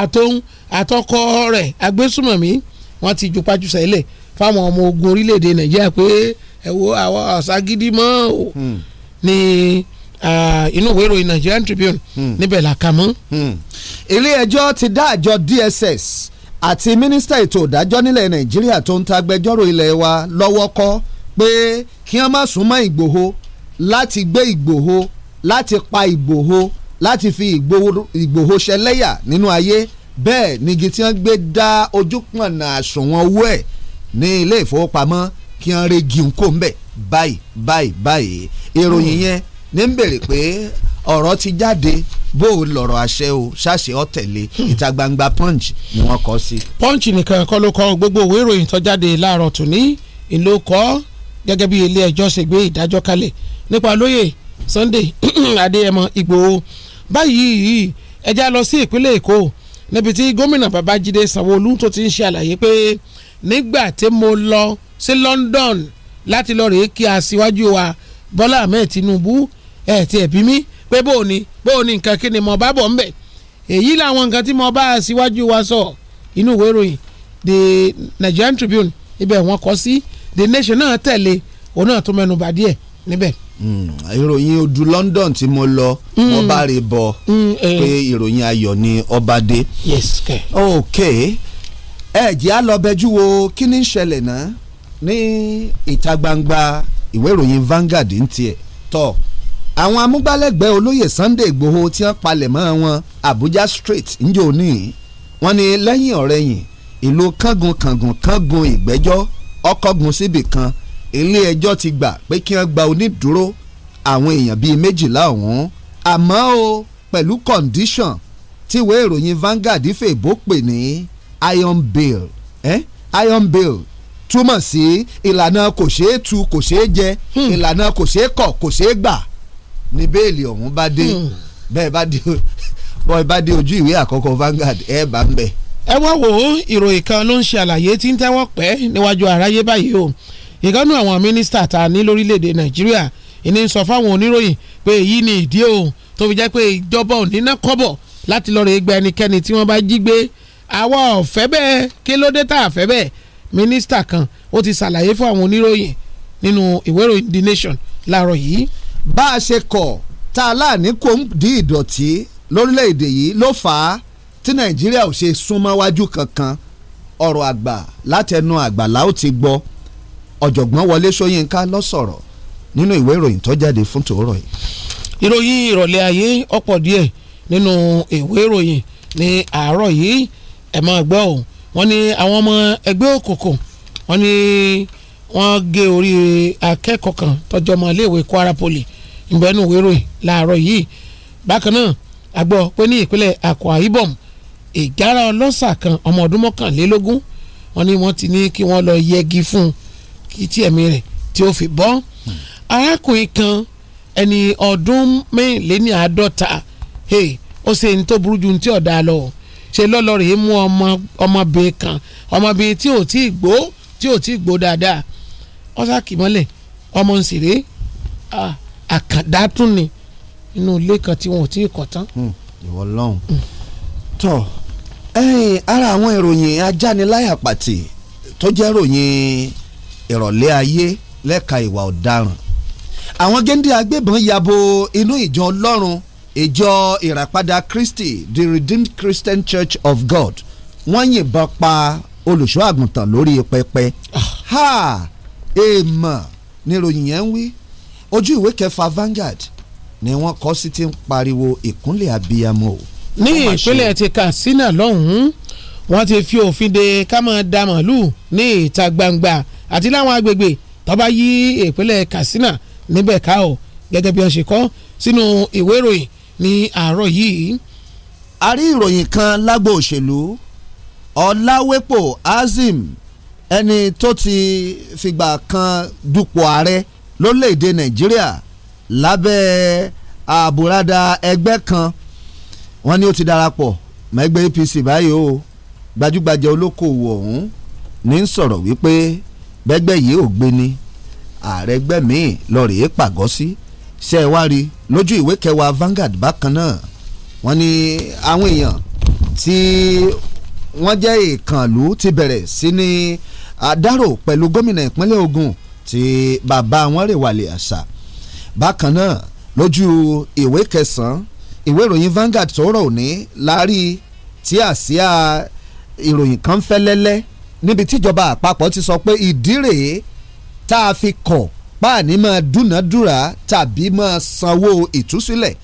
S13: àtọ́hún àtọkọ rẹ̀ agbésùmọ̀mí wọ́n ti ju pàjùsẹ̀ ilẹ̀ fáwọn ọmọ ogun orílẹ̀-èdè Nàìjíríà pé ẹ àwọn ọ̀sà gidi mọ́ o Hmm Ah, inú ìwé ìròyìn Nigerian Tribune hmm. níbẹ̀ là
S12: kà mọ́. Hmm. ilé ẹjọ́ ti dá àjọ DSS àti mínísítà ètò ìdájọ́ nílẹ̀ Nàìjíríà tó ń ta agbẹjọ́rò ilé wa lọ́wọ́ kọ́ pé kí wọ́n má súnmọ́ Ìgbòho láti gbé Ìgbòho láti pa Ìgbòho láti fi Ìgbòho ṣẹlẹ́yà nínú ayé bẹ́ẹ̀ nígi tí wọ́n gbé dá ojúpọ̀nà àsùnwọ̀n owó ẹ̀ ní ilé ìfowópamọ́ kí wọ́n regi nǹkó ńbẹ̀ báyìí báyìí báyìí ìròyìn hmm. yẹn. Mm ní ń bèrè pé ọ̀rọ̀ ti jáde bó o lọ̀rọ̀ àṣẹ o ṣàṣẹ ọ̀tẹ̀lé hmm. ìta gbangba punch ni wọ́n kọ́ sí. punch nìkan kọ́ ló
S13: kọ gbogbo òwe ìròyìn tó jáde láàárọ̀ tòní ìlú kọ́ gẹ́gẹ́ bí ilé ẹjọ́ ṣe gbé ìdájọ́ kalẹ̀ nípa lóye Sunday [CLEARS THROAT] Adéyẹmọ Ìgbòho báyìí ẹjá lọ sí ìpínlẹ̀ Èkó níbi tí gómìnà Babájídé Sanwó-Olú tó ti ń ṣe àlàyé pé nígbà tí mo lọ sí London láti lọ rèé kí aṣíwájú wa Bọ́lá Ahmed Tinubu ẹ ti ẹ̀ bí mi pé bó o ní bó o ní nǹkan kí ni mo bá bọ̀ ńbẹ̀ èyí làwọn nǹkan tí mo bá aṣíwájú wa sọ inú ìwé ìròyìn the Nigerian Tribune ibẹ̀ wọ́n kọ sí the nation náà tẹ̀lé òun náà tó mẹ́nu bà díẹ̀
S12: níbẹ̀. Hmm, ìròyìn ojú London tí mo lọ hmm. wọ́n bá rè bọ hmm, eh. pé ìròyìn ayọ̀ ni ọba dé. yes kẹ. ok ẹ jẹ́ á lọ bẹjú wo kí ni ń ṣẹlẹ̀ náà ní ìta gbangba ìwé ìròyìn Vanguard ń tiẹ̀ tọ́ àwọn amúgbálẹ́gbẹ̀ẹ́ olóyè Sunday Igboho tí wọ́n palẹ̀ mọ́ wọn Abuja Street ńjọ ní wọ́n ní lẹ́yìn ọ̀rẹ́yìn ìlú kángun kángun kángun ìgbẹ́jọ́ ọkọ̀gun síbì kan ilé ẹjọ́ ti gbà pé kí wọ́n gba onídùúró àwọn èèyàn bíi méjìlá ọ̀hún àmọ́ o pẹ̀lú condition tí ìwé ìròyìn Vanguard fèbó pè ní iron bail eh? iron bail túmọ̀ sí ìlànà kò ṣeé tu kò ṣeé jẹ hmm. ìlànà kò ṣeé kọ̀ kò ṣeé gbà ni bẹ́ẹ̀lì ọ̀hún bá dé hmm. bẹ́ẹ̀ bá dé bọ́ẹ̀ bá dé ojú ìwé àkọ́kọ́ Vanguard ẹ̀ bá ń bẹ̀. ẹ wá wo ìròyìn kan ló ń ṣe
S13: àlàyé tí ń tẹ́wọ́ pẹ́ níwájú àráyé báyìí o ìkànnì àwọn mínísítà ta ní lórílẹ̀‐èdè Nàìjíríà ìní sọ fáwọn oníròyìn pé èyí ni ìdí o tó fi jẹ́ pé ìjọba ò ní ná kọ́bọ̀ láti lọ́ọ́ rẹ̀ gba ẹnikẹ́ni tí wọ́n bá jí gbé àwa ò fẹ́ bẹ́ẹ̀ kí ló dé tá a fẹ́ bẹ́ẹ̀ mínísítà kan ó ti ṣàlàyé fún àwọn oníròyìn nínú ìwé ìròyìn The Nation
S12: láàárọ̀ yìí bá a ṣe kọ̀ tá a láàní kò ń di ìdọ̀tí lórílẹ̀‐èdè yìí ló fà á tí nàìjíríà ò ṣe súnmọ́ wájú kankan ọ̀rọ̀ àgbà látẹnu àgbàlá ó ti gbọ́ ọ̀jọ̀gbọ́n wọlé ṣóyínká ló sọ̀rọ̀ nínú ìwé ìròyìn tó jáde fún tòórọ̀ yìí. ìròyìn ìrọ̀lẹ́ ayé ọ̀pọ̀ díẹ̀ nínú
S13: ìwé ìròyìn ní àárọ̀ yìí ẹ̀ máa gbọ́ ò wọ́n àwọn ọmọ ẹgbẹ́ òkùnkùn wọ́n ní wọ́n gé orí akẹ́kọ̀ọ́ kan tọ́jú ọmọ iléèwé Kwara Poly ìgbẹ́nu wérò láàárọ̀ yìí bákan náà a gbọ́ pé ní ìpínlẹ̀ Akwa Ibom ìjára ọlọ́ṣà kan ọmọ ọdún mọ́kànlélógún wọ́n ní wọ́n ti ní kí wọ́n lọ yẹgi fún un kí tí ẹ̀mí rẹ̀ tí ó fi bọ́ arákùnrin kan ẹni ọdún mẹ́rìnléní àádọ́ta hey, ó ṣe ní tó burú ju ní tí ọ̀dà lọ ṣe lọ́lọ́ rèé mú ọmọbìnrin kan ọmọbìnrin tí ò tí ì gbó tí ò tí ì gbó dáadáa ọ́sàkì mọ́lẹ̀ ọmọ nsìrè àkàndá tún ni inú ilé kan tí wọn ò tí ì kọ́ tán. Hmm,
S12: ìwọ lọ́hùn hmm. tọ ara àwọn ìròyìn ajániláyà pàtì tó jẹ́ ròyìn ìrọ̀lẹ́ ayé lẹ́ka ìwà ọ̀daràn àwọn géńdé agbébọn yabo inú ìjọ ọlọ́run ìjọ ìràpadà Christi the Redeemed Christian Church of God wọ́n yìnbọn pa olùṣọ́ àgùntàn lórí pẹpẹ. Ah. Ha! èèmọ̀ ni ròyìn yẹn ń wí ojú ìwé kẹfà Vanguard ni wọ́n kọ sí ti ń pariwo ìkúnlẹ̀ abiyamọ o.
S13: ní ìpínlẹ̀ ti Katsina lọ́hùn-ún wọ́n ti fi òfin de kámọ́ da màálù ní ìta gbangba àti láwọn agbègbè tó bá yí ìpínlẹ̀ Katsina níbẹ̀ ká o gẹ́gẹ́ bí wọ́n ṣe kọ sínú ìwé ìròyìn ní àárọ̀ yìí.
S12: a rí ìròyìn kan lágbo òṣèlú Ọláwépò Azim ẹni tó ti fìgbà kan dupò ààrẹ lórílẹ̀‐èdè nàìjíríà lábẹ́ àbúradà ẹgbẹ́ kan wọ́n ní ó ti darapọ̀ mẹ́gbẹ́ APC báyìí o gbajúgbajà olókoòwò ọ̀hún ní ń sọ̀rọ̀ wípé bẹ́gbẹ́ yìí ò gbé ni ààrẹ ẹgbẹ́ míì lọ́ọ̀rẹ́ pàgọ́ sí ṣe é wá rí lójú ìwé kẹwàá Vanguard bákan náà wọ́n ní àwọn èèyàn tí wọ́n jẹ́ ìkànlú ti bẹ̀rẹ̀ sí ní Adaro pẹ̀lú gómìnà ìpínlẹ̀ Ògùn tí bàbá wọn Rèwálé Àṣà bákan náà lójú ìwé kẹsàn-án ìwé ìròyìn Vanguard tó rọ̀ òní láàrí tí àsíá ìròyìn kan fẹ́lẹ́lẹ́ níbi tíjọba àpapọ̀ ti sọ pé ìdí rèé tá a fi kọ̀ páàní máa dúnàádúrà tàbí máa sanwó ìtúsílẹ̀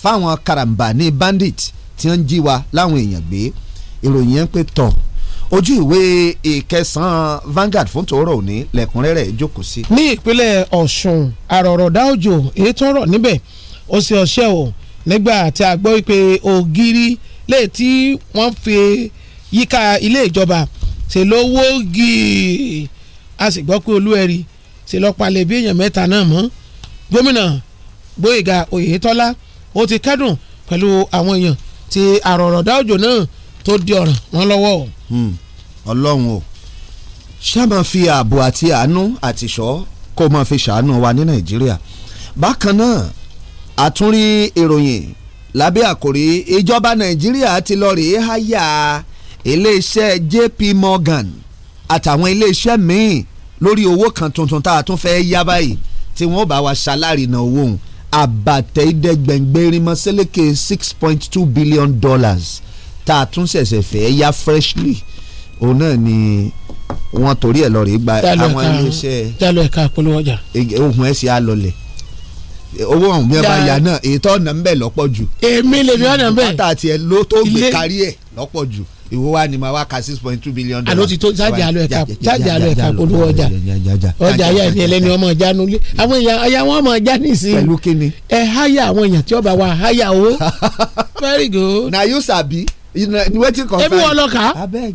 S12: fáwọn karambani bandit tí wọ́n ń jí wa láwọn èèyàn gbé ìròyìn yẹn pé tọ̀ ojú ìwé ìkẹsàn-án Vanguard fún tòórọ̀ òní lẹ́kùnrẹ́rẹ́ jókòó sí. ní ìpínlẹ̀ Ọ̀ṣun
S13: àrọ̀rọ̀dá òjò èyí tó rọ̀ níbẹ̀ ó ṣe ọ̀ṣẹ́ o nígbà tí a gbọ́ pé ògiri lè tí wọ́n fi yíká ilé ìjọba ṣe ló wó gíì a sì gbọ́ pé Olúẹ̀rí ṣe lọ́ọ́ palẹ̀ bí èèyàn mẹ́ta náà mọ́ gómìnà Gbóyèga Oyètọ́lá ó ti kẹ́dùn pẹ̀lú àwọn èèyàn
S12: tí àrọ̀rọ̀dá òjò náà tó di ọ̀ràn wọn lọ́wọ́ o. Hmm ọlọ́run o ṣá máa fi ààbò àti àánú àti ìṣọ́ kó máa fi ṣàánú wa ní nàìjíríà bákan náà àtúnrí ìròyìn lábẹ́ àkòrí ìjọba nàìjíríà ti lọ rèé háyà iléeṣẹ́ JP Morgan àtàwọn iléeṣẹ́ míì lórí owó kan tuntun tá a tún fẹ́ yá báyìí tí wọ́n bá wa ṣalárìnà owó òun àbàtẹ́ ìdẹ́gbẹ̀ngbẹ̀rìnmọ́ sẹ́lẹ̀kẹ̀ six point two billion dollars tá a tún ṣẹ̀ṣẹ̀ fẹ́ yá freshly òun náà ni wọ́n torí ẹ̀ lọ rè gba àwọn iléeṣẹ́ jalo ẹ̀ka ìpolówó ọjà ohun ẹ̀ sì á lọlẹ̀ owó ọ̀hún bí ẹ bá yà náà ètò ọ̀nà ń bẹ lọ́pọ̀ jù èmi lèmi ọ̀nà ń bẹ bàtà tiẹ̀ ló tó gbé kárí ẹ̀ lọ́pọ̀ jù ìwọ wa ni ma wa ka six point two billion dollars. àló ti tó jáde àlọ ẹ̀ka jáde àlọ ẹ̀ka polówó
S13: ọjà ọjà ayé ẹni ẹlẹ́ni ọmọ ìjánu lé àwọn èèyàn ọ̀yà wọn ọmọ ìjánu sí pẹ̀lú kíni. ẹ háyà àwọn èèyàn tí ó wa háyà owó. [LAUGHS] very good.
S12: na you sabi wetin wọn lọ kà á. abeg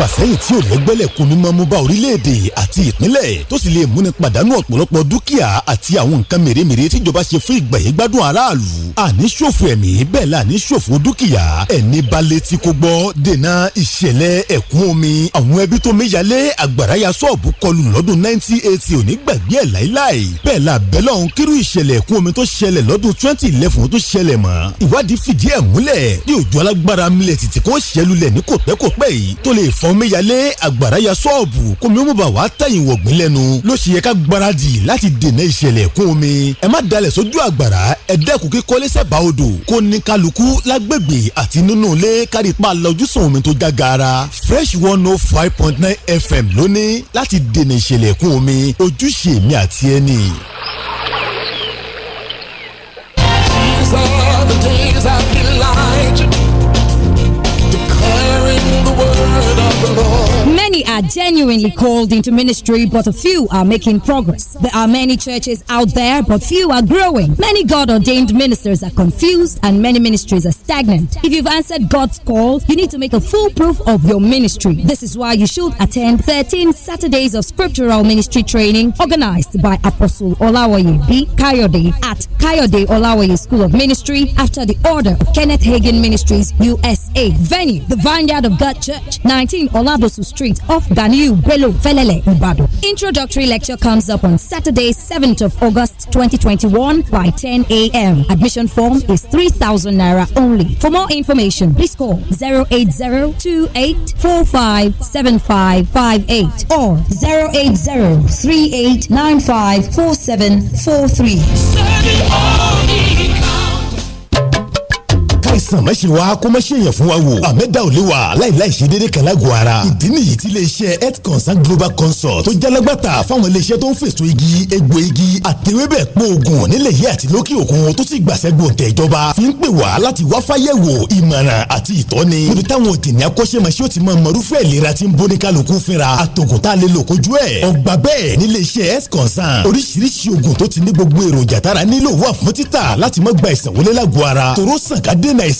S7: ìfàsẹ́yìn tí ò lẹ́gbẹ́lẹ̀ kun mi máa mú bá orílẹ̀-èdè àti ìpínlẹ̀ tó sì lè múni pàdánù ọ̀pọ̀lọpọ̀ dúkìá àti àwọn nǹkan mèremère tíjọba ṣe fún ìgbàyẹ̀gbádùn aráàlú àní ṣòfò ẹ̀mí bẹ́ẹ̀ la ní ṣòfò dúkìá ẹni bá létí kó gbọ́ dènà ìṣẹ̀lẹ̀ ẹ̀kún omi àwọn ẹbí tó méyalé àgbàrá ya sọ́ọ̀bù kọlù lọ́dún 1980 ò ní gbàgbé ẹ̀ láíláì bẹ́ẹ̀ la bẹ́lọ̀ ń kírú ìṣẹ̀lẹ̀ ẹ̀kún omi tó ṣẹlẹ̀ lọ́dún 2011 tó ṣẹlẹ̀ mọ́ ìwádìí fìdí ẹ̀ múlẹ̀ ní òjò alágbára milẹ̀ títí kó ṣẹlulẹ̀ omíyalé àgbàrá ya sọ́ọ̀bù kómi ó mú bà wá tẹ̀yìn wọ̀gbìn lẹ́nu ló ṣe yẹ ká gbáradì láti dènà ìṣẹ̀lẹ̀ kún omi ẹ má dalẹ̀ sójú àgbàrá ẹ dẹ́kun kíkọ́lé sẹ́bà odò kó ní kálukú lágbègbè àti nínú ilé kárí pa lọ́júsùn omi tó já fresh one oh five point nine fm lónìí láti dènà ìṣẹ̀lẹ̀ kún omi ojúṣe mi àti ẹni.
S8: are genuinely called into ministry, but a few are making progress. There are many churches out there, but few are growing. Many God ordained ministers are confused, and many ministries are stagnant. If you've answered God's call, you need to make a full proof of your ministry. This is why you should attend 13 Saturdays of scriptural ministry training organized by Apostle Olawaye B. Kayode at Kayode Olawaye School of Ministry after the order of Kenneth Hagen Ministries USA. Venue The Vineyard of God Church, 19 Olabosu Street, Ganiu Velele Introductory lecture comes up on Saturday, 7th of August 2021 by 10 a.m. Admission form is 3,000 naira only. For more information, please call 08028457558 or 08038954743.
S7: àìsàn má ṣe wa kó má ṣe yàn fún wa wò àmẹ́dá ò lè wa láìláì ṣe déédéé kan lágọ̀ọ́ ara ìdí nìyí tí iléeṣẹ́ health consult global consult tó jalagbàtà fáwọn iléeṣẹ́ tó ń fèsò igi egbò igi àtẹwébẹ̀ pòògùn nílẹ̀ yìí àti lókè òkun tó sì gbàṣẹ́ gbòǹtẹ̀ ìjọba fi ń pè wá láti wá fáyẹ̀wò ìmọ̀ràn àti ìtọ́ni níbi táwọn òtẹ̀ní akọ́ṣẹ́mọṣẹ́ ò ti mọ mọ̀rúfẹ́ ìlera tí ń bóni kálukú fínra àtògùn tá a lè lò kojú ẹ̀ ọgbà bẹ́ẹ̀ níléeṣẹ́ health consult oríṣiríṣi ògùn tó ti ní gbogbo èròjà tára nílò wà fún títà láti má gba ìsàn lágọ̀ọ́ ara tòró sàn ká dènà ìs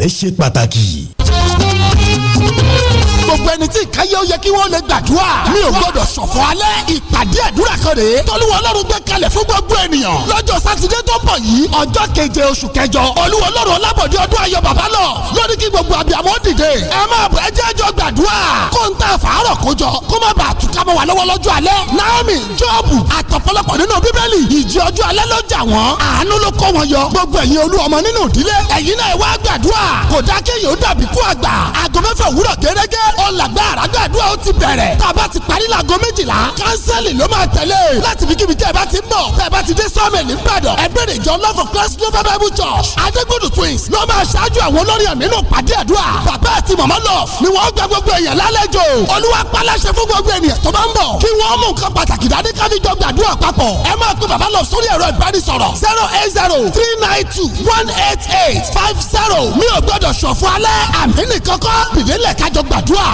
S7: rẹ̀ ṣe pàtàkì.
S6: ẹnikẹ́ni tí ìkáyé ó yẹ kí wọ́n lè gbàdúrà mi ò gbọ́dọ̀ ṣọ̀fọ̀ alẹ́ ìpàdé àdúrà kan rèé tolúwa ọlọ́run gbé kalẹ̀ fún gbogbo ènìyàn lọ́jọ́ sátidé tó ń bọ̀ yìí ọjọ́ keje oṣù kẹjọ olúwa ọlọ́run ọlábọ̀dé ọdún ayọ̀ bàbá lọ lórí kí gbogbo abiyamọ dìde ẹ máa bọ̀ ẹ jẹ́ ẹjọ́ gbàdúrà kó ń tà fàárọ̀ kójọ kó má bàa naomi jọ́ọ̀bù àtọ̀pọ̀lọpọ̀ nínú bíbélì ìjì ọjọ́ alẹ́ ló jà wọ́n àánú ló kó wọn yọ gbogbo ẹ̀yin olú ọmọ nínú ìdílé ẹ̀yin náà wá gbàdúrà kò dákẹ́ yìí ó dàbí kú àgbà àràgbà àdúrà ó ti bẹ̀rẹ̀ tá a bá ti parí laago méjìlá kánsẹ́lì ló máa tẹ̀lé láti fi kíbi tẹ́ ẹ bá ti ń bọ̀ tẹ́ ẹ bá ti dé sọ́ọ̀mẹ̀ ní Ìbàdàn ẹgbẹ́rẹ̀ ìjọ lọ́fọ̀ christ lover bible church adégbòdù twins ló máa ṣáájú àwọn olórin àmì nínú pàdé àdúrà bàbá àti màmá lọ ni wọ́n gba gbogbo èèyàn lálejò olúwa pàláṣẹ fún gbogbo ènìyàn tó bá ń bọ̀ kí wọ́n mú nǹkan pàtàkì dání kábí jọ gbàdúrà papọ̀ ẹ máa tó bàbá lọ sórí ẹ̀rọ ìbánisọ̀rọ̀ zero eight zero three nine two one eight eight five zero mi ò gbọ́dọ̀ ṣọ̀fọ̀ alẹ́ àmì nìkan kọ́ bìdélẹ̀ kájọ gbàdúrà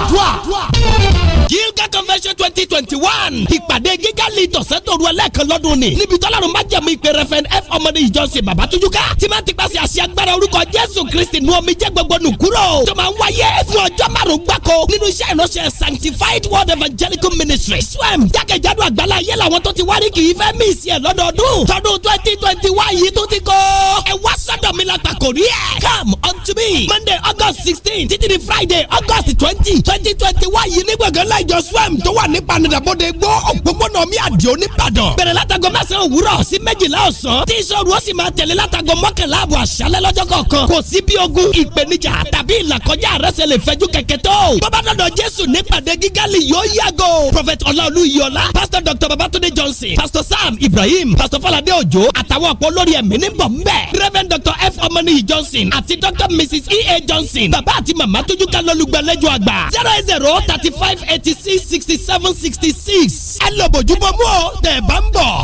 S6: Gilgal convention twenty twenty one ìpàdé gíga lè tọ̀sẹ̀ tó ru ẹlẹ́ẹ̀kan lọ́dún ni níbi tọ́lárun má jẹ̀mú ìpè rẹ̀fẹ̀n f ọmọdé ìjọsìn bàbá tujuka tí máa ti pàṣẹ àṣẹ agbára orúkọ Jésù Kristi nu omi jẹ́ gbogbo nù kúrò tó máa ń wáyé fún ọjọ́ márùn-ún gbáko nínú iṣẹ́ ìránṣẹ́ sanctified word evangelical ministry swam jákèjádò àgbàlá ayé làwọn tó ti wárí kì í fẹ́ mí ìsì ẹ̀ lọ́dọọdún tọdún twenty twenty one yìí come unto me Monday August sixteen títí di Friday August twenty twenty twenty one yìí ní gbọ̀ngàn láìjọ swam tó wà ní panadabode gbó òpópónà mi àdìo nìbàdàn bẹ̀rẹ̀ látago mẹ́sàn-án òwúrọ̀ sí méjìlá ọ̀sán tí ìṣòro ó sì máa tẹ̀lé látago mọ́kànlá àbọ̀ àṣálẹ́ lọ́jọ́ kọ̀ọ̀kan kò sí bí ogun ìpèníjà tàbí ìlàkọjá àrẹ́sẹ̀ lè fẹ́jú kẹ̀kẹ́ tó bọ́bá dọ̀dọ̀ jésù nípàdé gígálì yóò yàgò prophet ọláolú iyọlá pastor dr babatunde johnson pastor sam ibrahim pastor falade ojo àtàwọn ọ̀pọ̀ olórí ẹ̀mí ní reverend dr f ọmọnìyí johnson àti dr mrs ea johnson bàbá àti màmá tójú ká lọ́lùgbàlejò àgbà zero eight zero thirty five eighty six sixty seven sixty six ẹ lọ bójúbọ mú o tẹ̀ bá ń bọ̀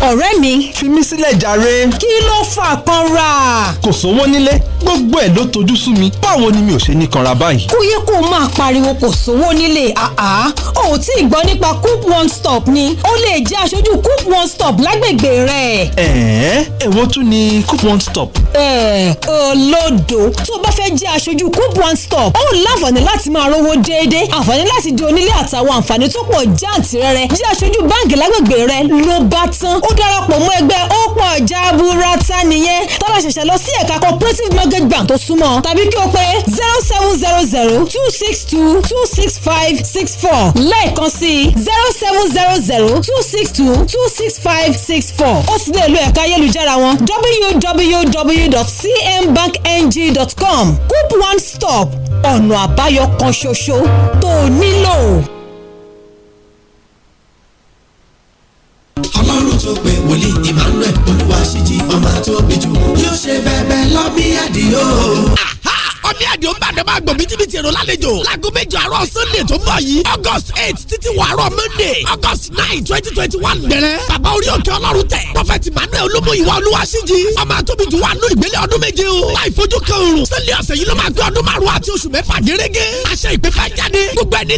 S6: ọ̀rẹ́ mi. fi mí sílẹ̀ jàre. kí ló fà kanra. kò sówó nílé gbogbo ẹ̀ ló tojú sú mi báwo ni mi ò ṣe ní kanra báyìí. kó yẹ kó máa pariwo kò sówó nílé àá
S5: o ò tí ì gbọ́ nípa coop one stop ni O lè jẹ́ aṣojú coop one stop lágbègbè rẹ̀.
S12: ẹ̀ẹ́ èwo tún ni coop one stop.
S5: ẹ̀ẹ́ olódo tó o bá fẹ́ jẹ́ aṣojú coop one stop ó láǹfààní láti máa rówó déédéé àǹfààní láti di onílé àtàwọn àǹfààní tó pọ̀ jáǹtì rẹ̀ rẹ̀ jẹ́ aṣojú báǹkì lágbègbè rẹ̀ ló bá tán ó darapọ̀ mọ́ ẹgbẹ́ ó pọ̀ jaburata nìyẹn tọ́lá ṣẹ̀ṣẹ̀ lọ sí ẹ̀ka cooperative mortgage bank tó súnmọ́ tàbí kí o pè zero seven zero zero two six two two six five six four lẹ́ẹ̀kan sí zero seven zero zero two six two two six five six four ó sì lè lo ẹ̀ka ayélujára wọn www.cmbankng.com coop one stop ọ̀nà àbáyọ kan ṣoṣo tó o nílò.
S12: wòlíì Emmanuel
S6: olúwa ṣíjí ọmọ tó bí jù yóò ṣe bẹ̀bẹ̀ lọ́bí àdìo ọmí àdìo nbàdàn máa gbọ̀ bìtìbìtì èrò lálejò láago méjì àárọ̀ sunday tó ń bọ̀ yìí august eight títí wọ àárọ̀ monday august nine twenty twenty one bẹ̀rẹ̀ bàbá orí òkè ọlọ́run tẹ̀ prọfẹ̀tì manuel olómòyìnwá olúwaṣíjì ọmọ àtòbí ju wa nú ìgbélé ọdún méje o láì fojú kan òrùn sunday ọ̀sẹ̀ yìí ló máa gbé ọdún márùn àti oṣù mẹ́fà gẹ́rẹ́gẹ́ aṣẹ ìpínfẹ́ jáde gbogbo ẹni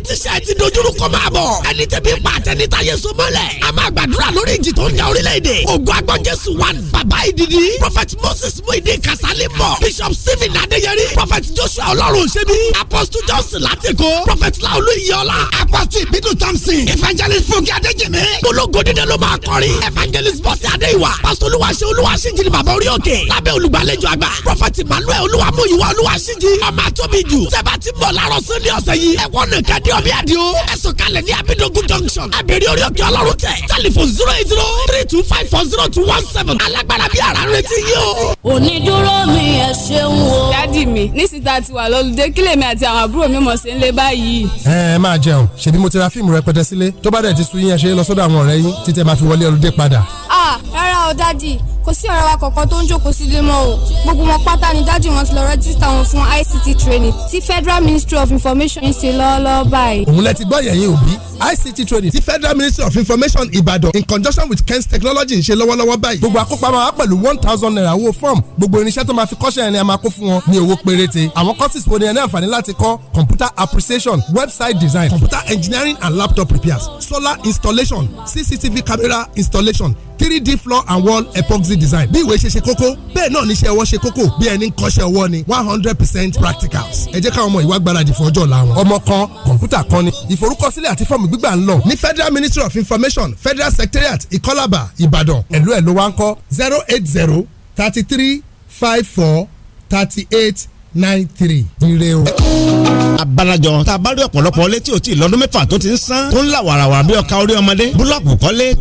S6: tí sẹ́ bishop stephen adéyẹrí prọfẹ̀t prophet joshua ọlọ́run ṣẹ́bi apostle johnson látìkó prophet laolu ìyọ́lá apostle ìbídùn thompson evangelist fúnkẹ́ Adejimi polongo dídé ló máa kọrin evangelist bọ́sẹ̀ adéìwà pastor olúwaṣẹ́ olúwaṣíjì bàbá orí òkè lábẹ́ olùgbàlejò àgbà prophet emmanuel olúwamúyíwá olúwaṣíjì ọmọ àtọ́bíjù sẹ́bà ti bọ̀ láàárọ̀ sí ní ọ̀sẹ̀ yìí ẹ̀wọ̀n nìkan ní ọ̀bí àdìo ẹ̀sùn kalẹ̀ ní abidogun junction abẹ́rẹ́ orí òkè ọlọ́run tẹ̀ telephone zero eight zero three two five four zero two one seven alágbára bíi àrà ń retí
S4: yìí nísìnyí tá a ti wà lọ́lùdé kí lèmi àti àwọn àbúrò mi mọ̀ sí ń lé báyìí.
S6: ẹ ẹ máa jẹun ṣèbí mo ti ra
S7: fíìmù rẹpẹtẹ sílé tó bá dẹ̀ ti sun yín ẹ ṣe é lọ sọ́dọ̀ àwọn ọ̀rẹ́ yín títẹ̀ máa fi wọlé ọlùdé padà.
S5: ah rárá o dádì kò sí ọ̀rẹ́ wa kọ̀ọ̀kan tó ń jókòó sílé mọ́ o gbogbo wọn pátá ni dájú wọn ti lọ rẹ́jísítà wọn fún
S13: ICT training tí Federal Ministry of Information ń ṣe lọ́ọ́lọ́ọ́ báyìí.
S12: òun lẹ ti gbọ́ yẹ̀yìn òbí
S7: ICT training ti Federal Ministry of Information Ibadan in conjunction with Kens Technology ń ṣe lọ́wọ́lọ́wọ́ báyìí. gbogbo àkópa máa wá pẹ̀lú one thousand naira owó fọ́ọ̀mù gbogbo irinṣẹ́ tó máa fi kọ́ṣẹ́ ẹni a máa kó fún wọn ní owó péréte. àwọn courses wo ni ẹni àǹfààní láti kọ́ computer appreciation website design computer engineering and laptop repairs solar installation CCTV camera installation 3D floor and wall epoxy fancy design bí ìwé ṣe ṣe kókó bẹ́ẹ̀ náà níṣẹ́ ọwọ́ ṣe kókó bí ẹni ń kọ́ṣẹ́ ọwọ́ ni one hundred percent practicals ẹ jẹ́ káwọn ọmọ ìwà gbáradì fún ọjọ́ ọ̀la wọn. ọmọ kan kọ̀ǹpútà kan ni ìforúkọsílẹ̀ àti fọ́ọ̀mù gbígbà ń lọ ní federal ministry of information federal secretariat ìkọlàbà ìbàdàn ẹ̀lú ẹ̀ ló wá ń kọ́ zero eight zero thirty three five four thirty eight nine
S12: three ire o. abalajọ tá a bá rí ọ̀pọ̀lọpọ̀ létí òtí lọ́dún mẹ́fà tó ti ń sán tó ń là wàràwàrà bí ọkà orí ọmọdé búlọ́ọ̀kù kọ́lé